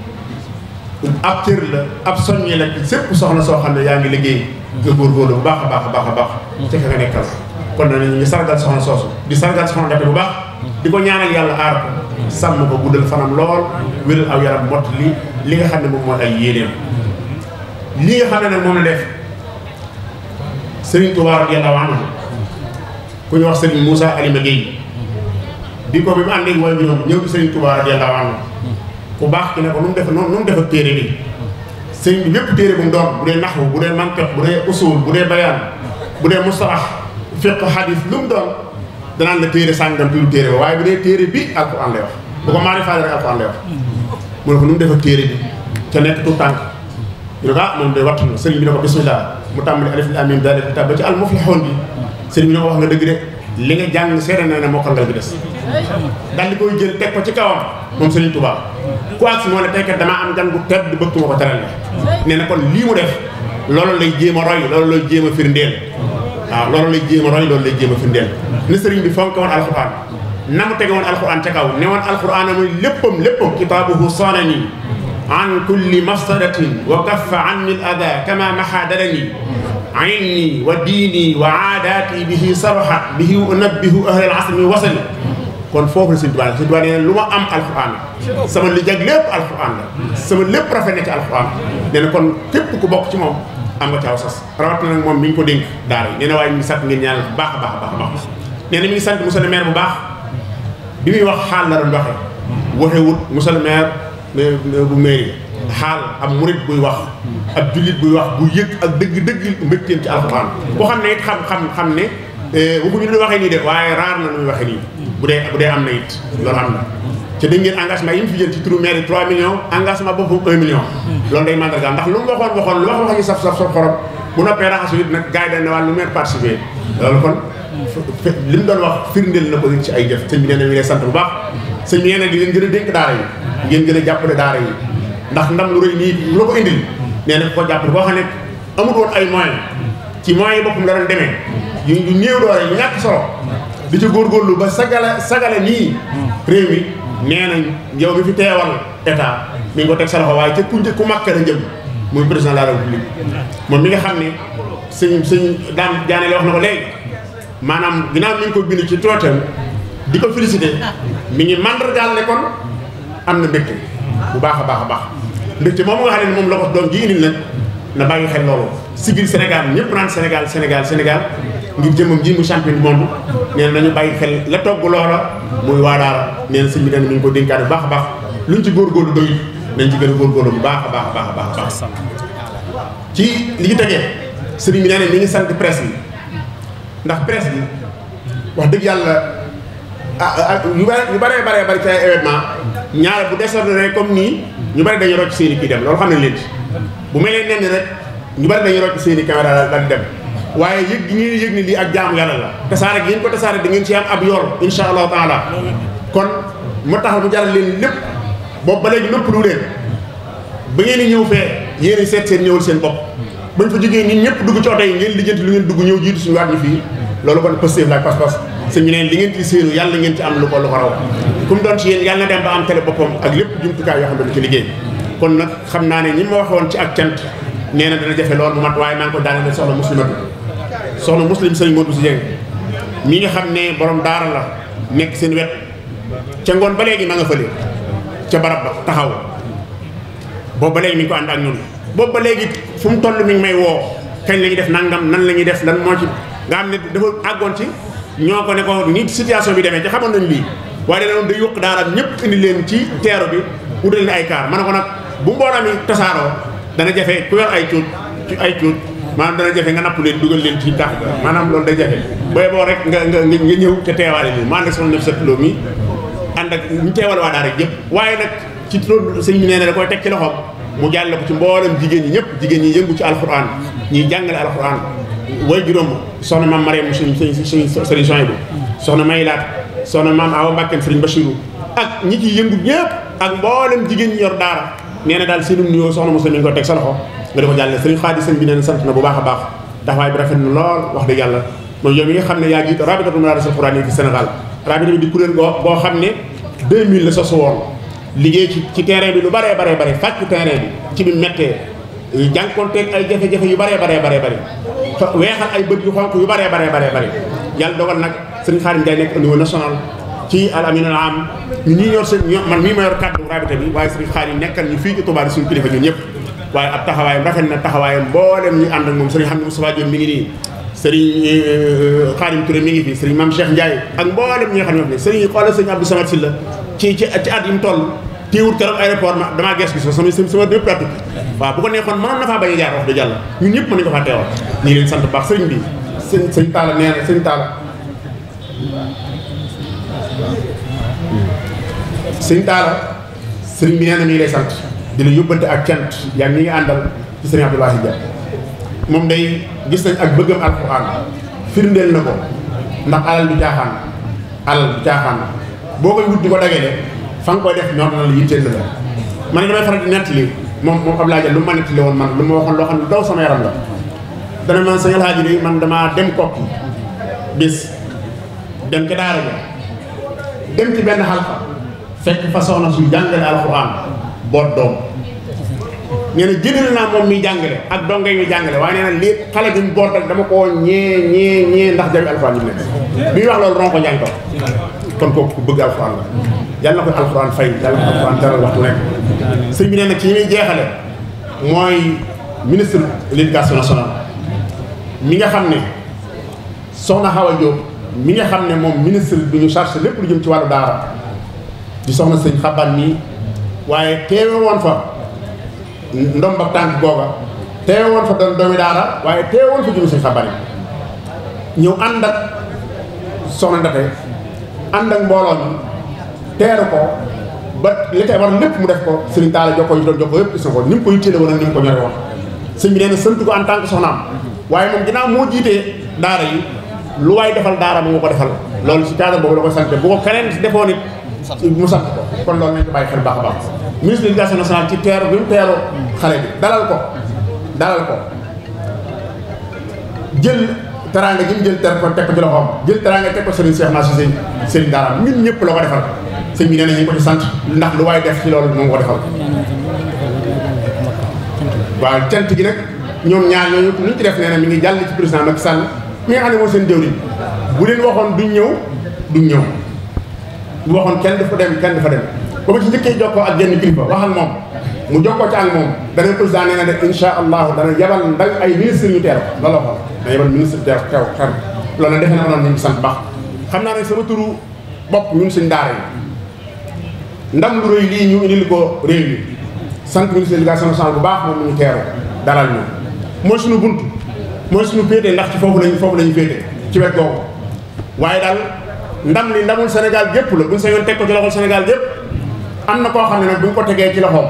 ab cër la ab soññe la ci sépp soxna soo xam ne yaa ngi liggéey nga góorgóorlu bu baax a baax a baax a baax ca ka nga nekkal kon nañu ngi soosu di sargal soxna bu baax di ko ñaanal yàlla aar lool wéral aw li nga xam ne moom mooy ay yéeneem li nga xam ne nag moom la def Serigne Touba radiyallahu ku ñu wax Serigne Moussa Alima Gueye bi ko bi mu àndee waaye ñëw ci Serigne Touba radiyallahu anhu ku baax ki ne ko nu mu def noonu nu mu def ak téere bi sëriñ bi bépp téere bu mu bu dee naxwu bu dee mantiq bu dee usul bu dee bayaan bu dee mustalax fiq xadis lu mu doon danaan la téere sàngam bi lu téere ba waaye bu dee téere bi alquran lay wax bu ko maarifaale rek alquran lay wax mu ko nu mu def ak téere bi ca nekk tout tànk ah, moom day wattu na sëriñ bi ne ko bismillah mu tàmbali alif lam mim dalika kitaab ba ci al muflixoon bi sëriñ bi ne ko wax nga dëgg li nga jàng seere na ne mokkal nga bi des dal di koy jël teg ko ci kawam moom sëriñ Tuubaa ku ak si moo ne tey damaa am gan gu tedd bëgg ma ko teral ne nee na kon lii mu def loolu lay jéem a roy loolu lay jéem a firndeel waaw loolu lay jéem a roy loolu lay jéem a ni sëriñ bi fonk woon alxuraan na mu tege woon alxuraan ca kaw ne woon alxuraan muy léppam léppam kitaabuhu sanani an kulli mafsadatin wa kaffa anni l ada kama mahaadarani ayni wa diini wa aadaati bihi sarahat bihi unabbihu ahlal asmi wasali kon foofu si Sëriñ Tuubaa Sëriñ lu ma am alxuraan sama li jag lépp sama lépp rafet na ci alxuraan nee kon képp ku bokk ci moom am nga caaw sas rawat na nag moom mi ñu ko dénk daara yi nee na waaye ñu ngi sant ngeen ñaanal bu baax a baax a baax baax nee na mi ngi sant monsieur bu baax bi muy wax xaal la doon waxee waxewut monsieur le maire bu mairie xaal am murit buy wax ab jullit buy wax bu yëg ak dëgg-dëgg mbégteem ci alxuraan boo xam ne it xam xam xam ne waxuñu eh, lu ñu waxee nii de waaye raar na lu ñu waxee nii bu dee bu dee am na it loolu am na ci dégg ngeen engagement yi mu fi jël ci turu maire yi 3 millions engagement boobu 1 million loolu day mandargaal ndax lu mu waxoon waxoon lu wax wax ñu saf doon wax firndeel na ko ci ay jëf sëñ bi nee na ñu sant bu baax sëñ bi nee na di leen gën a dénk daara yi ngeen gën a jàppale daara yi ndax ndam lu rëy nii lu la ko indil nee na ko jàppale boo xam ne amul woon ay moyens ci moyens yi boppam la doon demee yu yu néew doole yu ñàkk solo di ci góorgóorlu ba sagale sagale nii réew mi nee yow mi fi teewal état mi ngi ko teg sa loxo waaye ca ku ku màkk la jëm muy président moom mi nga xam ne sëñ sëñ daan jaane la wax na ko léegi maanaam ginnaaw mi ngi ko bind ci trottoir di ko félicité mi ngi mandargaal ne kon am na mbégte bu baax a baax a baax mbégte moom nga xam ne moom la ko doom ji indil nag na bàyyi xel loolu sigil Sénégal ñëpp naan Sénégal Sénégal Sénégal ngir jëmmam ji mu champion du monde nee na nañu bàyyi xel la togg loola muy waaraara nee na sëñ bi nee na mi ngi ko dénkaat bu baax a baax luñ ci góorgóorlu doyut nañ ci gën a góorgóorlu bu baax a baax baax baax a baax ci li ñu tegee sëriñ bi nee ngi sant press yi ndax presse bi wax dëgg yàlla ah ñu ah, ah, bare ñu bare bare bari ci ay événement ñaar bu désordonné comme nii ñu bari dañu rocc seen i kii dem loolu xam ne leen bu mel nee nen rek ñu bari dañu rocc seen i caméra daal di dem waaye yëg gi ngeen yëg ni lii ak jaamu yàlla la tasaare gi ngeen ko tasaare di ngeen ci am ab yor insha allahu taala kon mu tax mu jàll leen lépp boobu ba léegi nëpp lu leen ba ngeen di ñëw fee yéen seet seen ñëwal seen bopp bañ fa jógee ñun ñëpp dugg ci oto yi ngeen lijjanti lu ngeen dugg ñëw jiitu suñu waat fii loolu kon pëstéef la pas-pas sëñ bi ne li ngeen ci séenu yàlla ngeen ci am lu ko lu ko raw ku mu doon ci yéen yàlla na dem ba am télé boppam ak lépp jumtukaay yoo kon nag xam naa ne ñi ma ci ak cant nee na dana lool mu mat waaye maa ngi ko daanaka soxla musulmatu soxna muslim sëriñ Modou si Dieng mi nga xam ne boroom daara la nekk seen wet ca ngoon ba léegi ma nga fële ca barab ba taxaw boobu ba léegi mi ngi ko ànd ak ñun boobu ba léegi fu mu toll mi ngi may woo kañ la ñuy def nangam nan la ñuy def lan moo ci nga xam ne dafa àggoon ci ñoo ko ne ko ni situation bi demee ca xamoon nañ lii waaye dana doon day yokk daara ñëpp indi leen ci teeru bi wutal leen ay kaar ma ne ko nag bu mbooloo mi tasaaroo dana jafe ku yor ay cuut ay cuut maanaam dana jafe nga napp leen dugal leen ci tax maanaam loolu day jafe booy boo rek nga nga nga te teewaale bi maa ngi ànd ak ñu waaye nag ci loolu sëñ bi nee ci loxoom mu jàll ci mboolem jigéen ñi ñëpp jigéen ñi yëngu ci alxuraan ñuy jàngale alxuraan way juróom soxna maam Mariam suñ suñ suñ sëriñ Soyibu soxna Maylaat soxna maam Awa Mbàkke sëriñ Bachiru ak ñi ci yëngu ñëpp ak mboolem jigéen ñi yor daara nee daal si nuyoo soxna Moussa mi ngi ko teg sa loxo nga di ko jàllale sëriñ Xaadi sëñ bi sant na bu baax a baax taxawaay bi rafet na lool wax dëgg yàlla mooy yow mi nga xam ne yaa jiite rabitatu madaarisil quraan yi fi Sénégal rabita bi di kuréel go boo xam ne 2000 la sosu woon liggéey ci ci terrain bi lu baree baree bare fàcc terrain bi ci bi méttee jànkonteeg ay jafe-jafe yu baree baree baree bare weexal ay bët yu xonk yu baree baree baree bare yàlla dogal nag sëriñ Xaadi Njaay nekk au niveau national ci al am ñu ñuy yor seen man mii ma yor kàddu rabita bi waaye sëriñ xaar yi nekkal ñu fii ci Touba di suñu kilifa ñun ñëpp waaye ab taxawaayam rafet na taxawaayam mboolem ñu ànd ak moom sëriñ xam ne Moustapha Diop mi ngi nii sëriñ Xaadim euh, Touré mi ngi fi sëriñ Mame Cheikh Ndiaye ak mboolem ñi nga xam ne ñoo fi ne sëriñ xoolal sëriñ Abdou Samad Sylla ci ci ci at yi mu toll ma damaa gees gis sama sama dé pratique waaw bu ko neexoon mënoon na faa bañ a jaar wax dëgg yàlla ñun ñëpp mën nañu ko faa teewal ñu leen sant baax sëriñ bi sëñ sëñ Talla nee na sëñ sëñ Talla sëriñ bi nee na mi lay sant di yóbbante ak cant yaa ngi ngi àndal ci sëriñ Abdoulaye Dia moom day gis nañ ak bëggam alxuraan firndeel na ko ndax alal du caaxaan alal du caaxaan boo koy wut di ko dagale fa nga koy def ñor na la yitteel la man damay faral di nettali moom moom Abdoulaye Dia lu ma nettali woon man lu ma waxoon loo xam ne daw sama yaram la dana man damaa dem kokki bis dem ca daara dem ci benn xalqa fekk fa soxna su jàngale alxuraan boot doom nee na jëndal naa moom mi jàngale ak dong yi muy jàngale waaye nee na lii xale bi mu boot rek dama koo ñee ñee ñee ndax jawi alxuraan bi nekk bi wax loolu ron ko njàng ko kon kooku ku bëgg alxuraan la yàlla na ko alxuraan fay yàlla na ko alxuraan dara waxtu nekk sëñ bi nee na ci ñuy jeexale mooy ministre de l'éducation nationale mi nga xam ne soxna Awa Diop mi nga xam ne moom ministre bi ñu chargé lépp lu jëm ci wàllu daara di soxna sëñ xaban nii waaye teewe woon fa ndomb ak googa teewe woon fa doon doomi daara waaye teewe woon fa jëm sëñ xaban ñëw àndak ak soxna ndate ànd ak mbooloo mi teeru ko ba li war lépp mu def ko sëriñ taala jokkoo ñu doon jokkoo yëpp gis na ko ko yitteele woon ak ni mu ko ñore woon sëñ bi nee na ko en tant que soxnaam waaye moom ginnaaw moo jiitee daara yi lu waay defal daara mu nga ko defal loolu si cadre boobu la ko sant bu ko keneen defoon it mu sant ko kon loolu nañ ko bàyyi xel baax a baax bi mu teeru xale bi dalal ko dalal ko jël teraanga mu jël ter ko teg ko ci loxoom jël teraanga teg ko Serigne Cheikh Nassir Seye Serigne Daara ñun ñëpp ko defal sëñ bi nee na ko ci sant ndax lu waay def ci loolu mu nga ko defal waaw cant gi nag ñoom ñaar ñooñu lu ñu ci def nee na mi ngi jàll ci président Macky Sall mi nga xam ne seen jëwriñ bu leen waxoon du ñëw du ñëw bu waxoon kenn dafa dem kenn dafa dem ba ma ci njëkkee jokkoo ak genn kilifa wax ak moom mu jokkoo ci ak moom dana président nee na de insha allahu dana yabal ndax ay ministre ñu teew loolu waxoon yabal ministre teew teew xar loolu nag defe naa noonu ñu ngi sant baax xam naa ne sama turu bokk ñun suñ daara yi ndam lu rëy lii ñu indil ko réew yi sant ministre de l'éducation nationale bu baax moom ñu teeru dalal mooy suñu féete ndax ci foofu lañ foofu lañu féete ci wet googu waaye daal ndam li ndamul Sénégal gépp la buñ sa yoon teg ko ci loxol Sénégal gépp am na koo xam ne nag bu ko tegee ci loxoom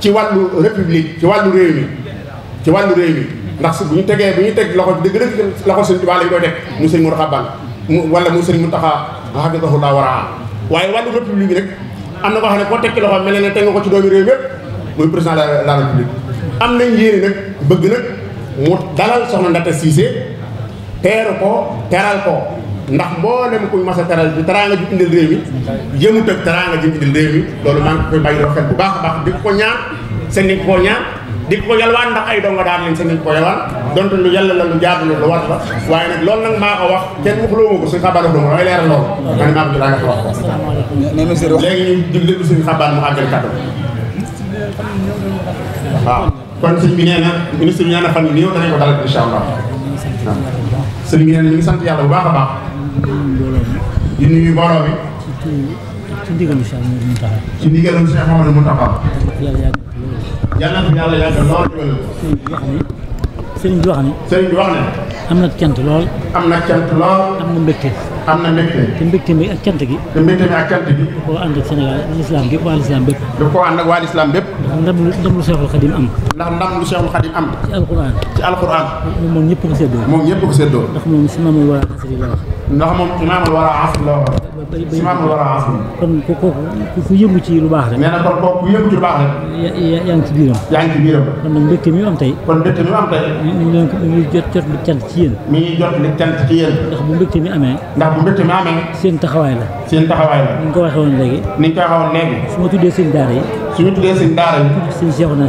ci wàllu république ci wàllu réew mi ci wàllu réew mi ndax bu ñu tegee bu ñu teg loxo dëgg dëgg loxo Sëñ Tuubaa lañ koy teg mu sëñ Mountakha Bal mu wala mu sëñ Mountakha hafizahu llah am waaye wàllu république bi am na koo xam ne koo teg ci loxoom mel ne teg ko ci doomi réew mépp muy président de la république am nañ yéene nag bëgg nag mu dalal soxna Ndata Cissé teeru ko teral ko ndax mboolem kuy mas a teral bi teraanga ji indil réew mi yëmut ak teraanga ji indil réew mi loolu maa ngi koy bàyyi xel bu baax a di ko ñaan seen ko ñaan di ko yalwaan ndax ay donga daan leen seen ni ko yalwaan donte lu yàlla la lu jaadu la loolu nag ma wax ko léegi ñu déglu suñu xabaar mu àggal kàddu kon sëñ bi nee na ministre bi nee na fan yii néew danañ ko dalal incha allah waaw sëñ bi nee na ñu ngi sant yàlla bu baax a baax. di nuyu mbooloo bi. ci ndigalu Cheikh Mamadou Mountakha. ci ndigalu Cheikh Mamadou Mountakha. yàlla na ko yàlla yàggal lool lool. sëriñ bi wax ne. sëriñ bi wax ne. am na cant lool. am na cant lool. am na mbégte. am na mbégte. te mbégte mi ak cant gi. te mbégte mi ak cant gi. da koo ànd ak Sénégal lislaam gi waa lislaam bépp. da koo ànd ak waa lislaam bépp. ndax ndam lu Seexul Xadim am. ndax ndam lu Seexul Xadim am. ci alxuraan. ci alxuraan. moom ñëpp ko séddoo. moom ñëpp ko séddoo. ndax moom si maamul wala asri la wax. ndax moom imaamul war a asr la war a. imaamul war a asr. kon ku ku ku ci lu baax rek. nee na kon kooku ku yëngu ci lu baax rek. yaa ngi ci biiram. yaa ngi ci biiram. kon nag mbégte mi am tey. kon mbégte mi am tey. mi ngi jot jot li cant ci yéen. mi ngi jot li cant ci yéen. ndax bu mbégte mi amee. ndax bu mbégte mi amee. seen taxawaay la. seen taxawaay la. ni ñu ko waxee woon léegi. ni ñu ko waxee woon léegi. su ma tuddee seen daara su ñu tuddee seen daara yi. tudd sëñ Cheikhouna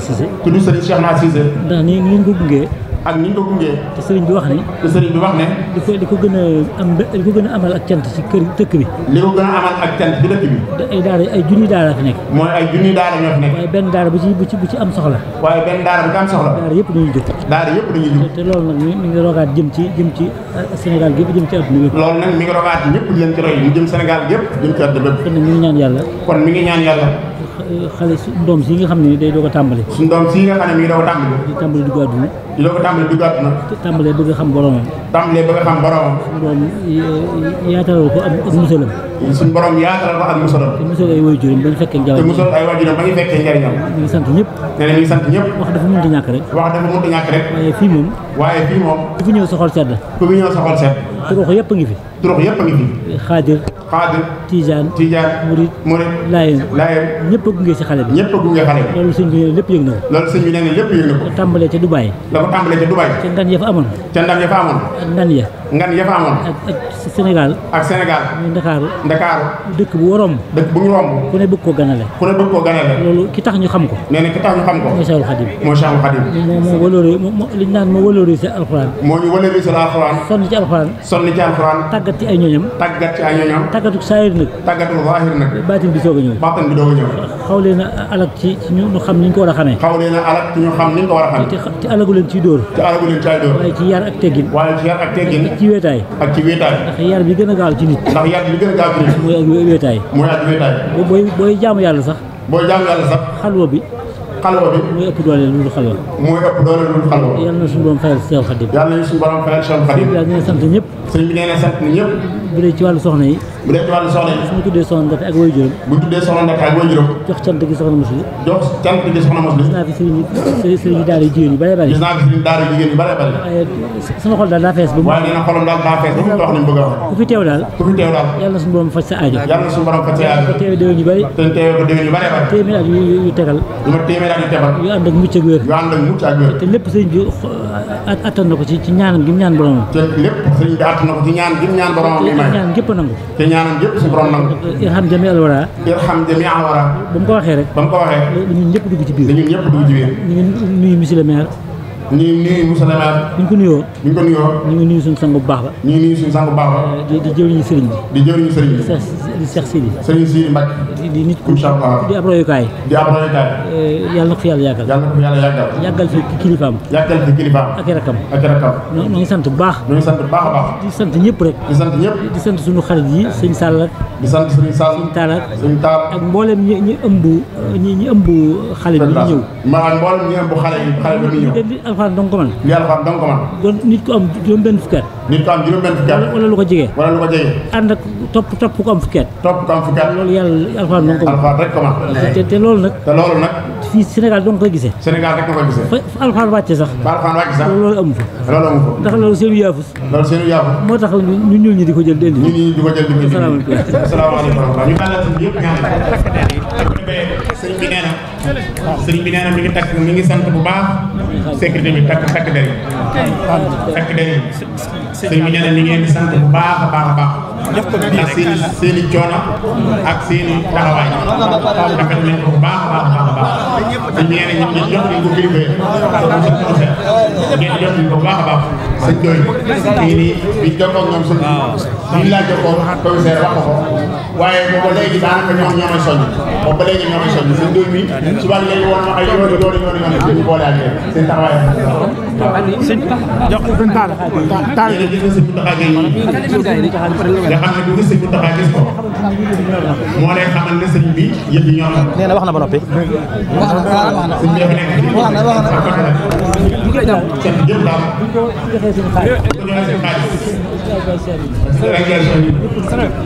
Cissé. tudd sëñ ak ni ñu ko gungee. te sëriñ bi wax ne. te sëriñ bi wax ne. di ko gën a am di ko gën a amal ak cant ci kër dëkk bi. li ko gën a amal ak cant ci dëkk bi. ay daara ay junni daara fi nekk. mooy ay junni daara ñoo fi nekk. waaye benn daara bu ci bu ci am soxla. waaye benn daara bu ci am soxla. daara yëpp dañuy jóg. daara yëpp dañuy jóg te loolu nag mi ngi rogaat jëm ci jëm ci euh, Sénégal gépp jëm ci àdduna bi. loolu nag mi ngi rogaat ñëpp di leen ci roy mu yàlla. kon mi ngi ñaan yàlla xale su doom si nga xam ne day doog a tàmbali. suñu doom si nga xam ne mi ngi doog a tàmbali. di tàmbali dugg àdduna. di doog a tàmbali dugg àdduna. tàmbalee bëgg a xam boromam. tàmbalee bëgg a xam boromam. suñu borom yaatalal ko ak musalam. suñu borom yaatalal ko ak musalam. te musal ay waajuram ba ba ñu fekkee njariñam. ngi sant ñëpp. nee ngi sant ñëpp. wax dafa mënut a ñàkk rek. wax dafa mënut a ñàkk rek. waaye fii moom. waaye fii moom. ku fi ñëw sa sedd. ku fi ñëw sa sedd. turux yëpp a ngi fi. turux yëpp a ngi fi. xaadir. xaadir. tijaan tijaan. murid murid. laayeen laayeen. ñëpp a gunge si xale bi. ñëpp a gunge xale bi. loolu sëñ bi nee na lépp yëg na ko. loolu sëñ bi nee na lépp yëg na ko. tàmbalee ca Dubaay. la ko tàmbalee ca Dubaay. ca ndan ya fa amoon. ca ndan ya fa amoon. ak ndan ya. ngan ya fa amoon. ak Sénégal. ak Sénégal. muy Ndakaaru. Ndakaaru. dëkk bu waroom. dëkk bu ñu romb. ku ne bëgg koo ganale. ku ne bëgg koo ganale. loolu ki tax ñu xam ko. nee na ki tax ñu xam ko. mooy Cheikhul Khadim. mooy Cheikhul Khadim. moo moo waloori moo li ñu naan moo waloori sa alxuraan. moo ñu waloori sa alxuraan. sonn ci alxuraan. sonn ci alxuraan. tàggat ci ay ñooñam. tàggat ci ay ñooñam. tàggatu saayir nag. tàggatu zaahir nag. baatin bi soog a ñëw. baatin bi doog a ñëw. xaw leen a alak ci ñu xam ni ñu ko war a xamee. xaw leen a alak ci ñu xam ni ñu ko war a xamee. te alagu leen ciy dóor. te alagu leen ciy dóor. waaye ci yar ak teggin. waaye ci yar ak teggin ci wéetaay ak ci wéetaay ndax yar bi gën a gaaw ci nit ndax yar bi gën a gaaw ci nit mooy ak wéetaay mooy ak wéetaay booy booy jaamu yàlla sax booy jaamu yàlla sax xalwa bi xalwa bi. mooy ëpp doole lu dul xalwa. mooy ëpp doole lu dul xalwa. yal na suñu borom fayal Seex Xadim. yal na suñu borom fayal Seex Xadim. yal na sant ñëpp. sëñ bi nee na sant na ñëpp. bu dee ci wàllu soxna yi. bu dee ci wàllu soxna yi. su ma tuddee soxna Ndate ak waajuram. bu tuddee soxna Ndate ak waajuram. jox cant gi soxna Musli. jox cant gi soxna Musli. gis naa fi sëriñ sëriñ daara jigéen yu bare bare. gis naa fi sëriñ daara jigéen yu bare bare. waaye sama xol daal daa fees ba mu. waaye nee na xolam daal daa fees ba mu wax nañ bëgg a wax. ku fi teew daal. ku fi teew daal. yàlla suñu borom faj sa aajo. yàlla suñu borom faj sa aajo. te teewe déwén yu bare. te teewe ko déwén yu bare bare. téeméer ak yu tegal. yu ma téeméer yàgg te yu ànd ak mucc ak wér. yu ànd ak mucc ak wér. te lépp sëñ bi attan na ko ci ci ñaanam gi mu ñaan boromam. te lépp sëñ bi attan na ko ci ñaan gi mu ñaan boromam. li may te gépp nangu. te ñaanam gépp su borom nangu. irham jami al wara. irham jami al wara. ba mu ko waxee rek. ba mu ko waxee. ñun ñëpp dugg ci biir. ñun ñëpp dugg ci biir. ñu ngi ñu ngi nuyu Moussa Deme. ñu ngi nuyu suñu sang bu baax ba. ñu ngi nuyu suñu sang bu baax ba. di di jëwriñu sëriñ bi. di jëwriñu sëriñ bi. di Cheikh Sidi. sëriñ Sidi Mbacke. di nit ku di ab royukaay. di ab royukaay. Eh, yàlla sant bu baax. ñoo ngi baax a baax. di sant ñëpp rek. di sant ñëpp. di sant suñu xarit yi sëñ Sall ak. di sant suñu Sall. suñu Taal ak suñu Taal. mboolem ñi ñi ëmb ñi ñi ëmb xale bi ñëw. xale bi ñëw alxuraan dong ko man li alxuraan dong ko man kon nit ko am juróom-benn fukki at nit ko am juróom-benn fukki at wala lu ko jege wala lu ko jege ànd ak topp topp ko am fukki at topp ko am fukki at loolu yàlla alxuraan dong ko man alxuraan rek ko man te loolu nag te loolu nag fii Sénégal dong koy gisee Sénégal rek nga koy gisee fa alxuraan wàcce sax fa alxuraan wàcce sax loolu amu fa loolu amu fa ndax loolu seenu yaafus loolu seenu yaafus moo tax ñu ñuul ñi di ko jël di ko sécurité bi takk takk der yi takk der yi sëñ bi nee na ñu ngi leen di sant bu baax a baax a baax ndax seen i seen i coono ak seen i taxawaay rafet nañ ko bu baax a baax a baax sëñ bi nee na ñu ngi jox ko kilifa yi ngeen jox ko bu baax a baax sëñ doy bi nii bi jokkoog ñoom suñ bi laa jokkoog commissaire wax ko waaye booba léegi daanaka ñoom ñoo may soññ booba léegi ñoo may soññ sëñ doy bi suba léegi woon na ay yoon yoon yoon yoon boole ak sëñ jox ko taal taal bi nga xam ne bu gis sëñ bu taxaa gis ko moo lay xamal ne sëñ bi yëpp ñoo xam nee na wax na ba noppi wax na sëñ bi dafa nekk wax na wax na ñu koy jàpp sëñ bi jël daal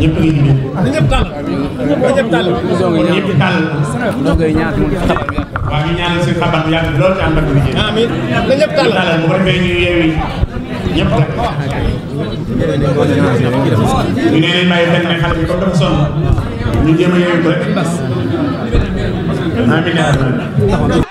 ñëpp ngi ñibbi ñëpp tàll ñëpp tàll ñëpp tàll ñoo ngay ñaan waaw ñu ñaanal seen xabaar yàgg lool ci ànd ak liggéey amiin na ñëpp tàllal bu ko defee ñu yeewi ñëpp nag ñu ne leen may benn xale bi comme dafa sonn ñu jéem a yeewi ko rek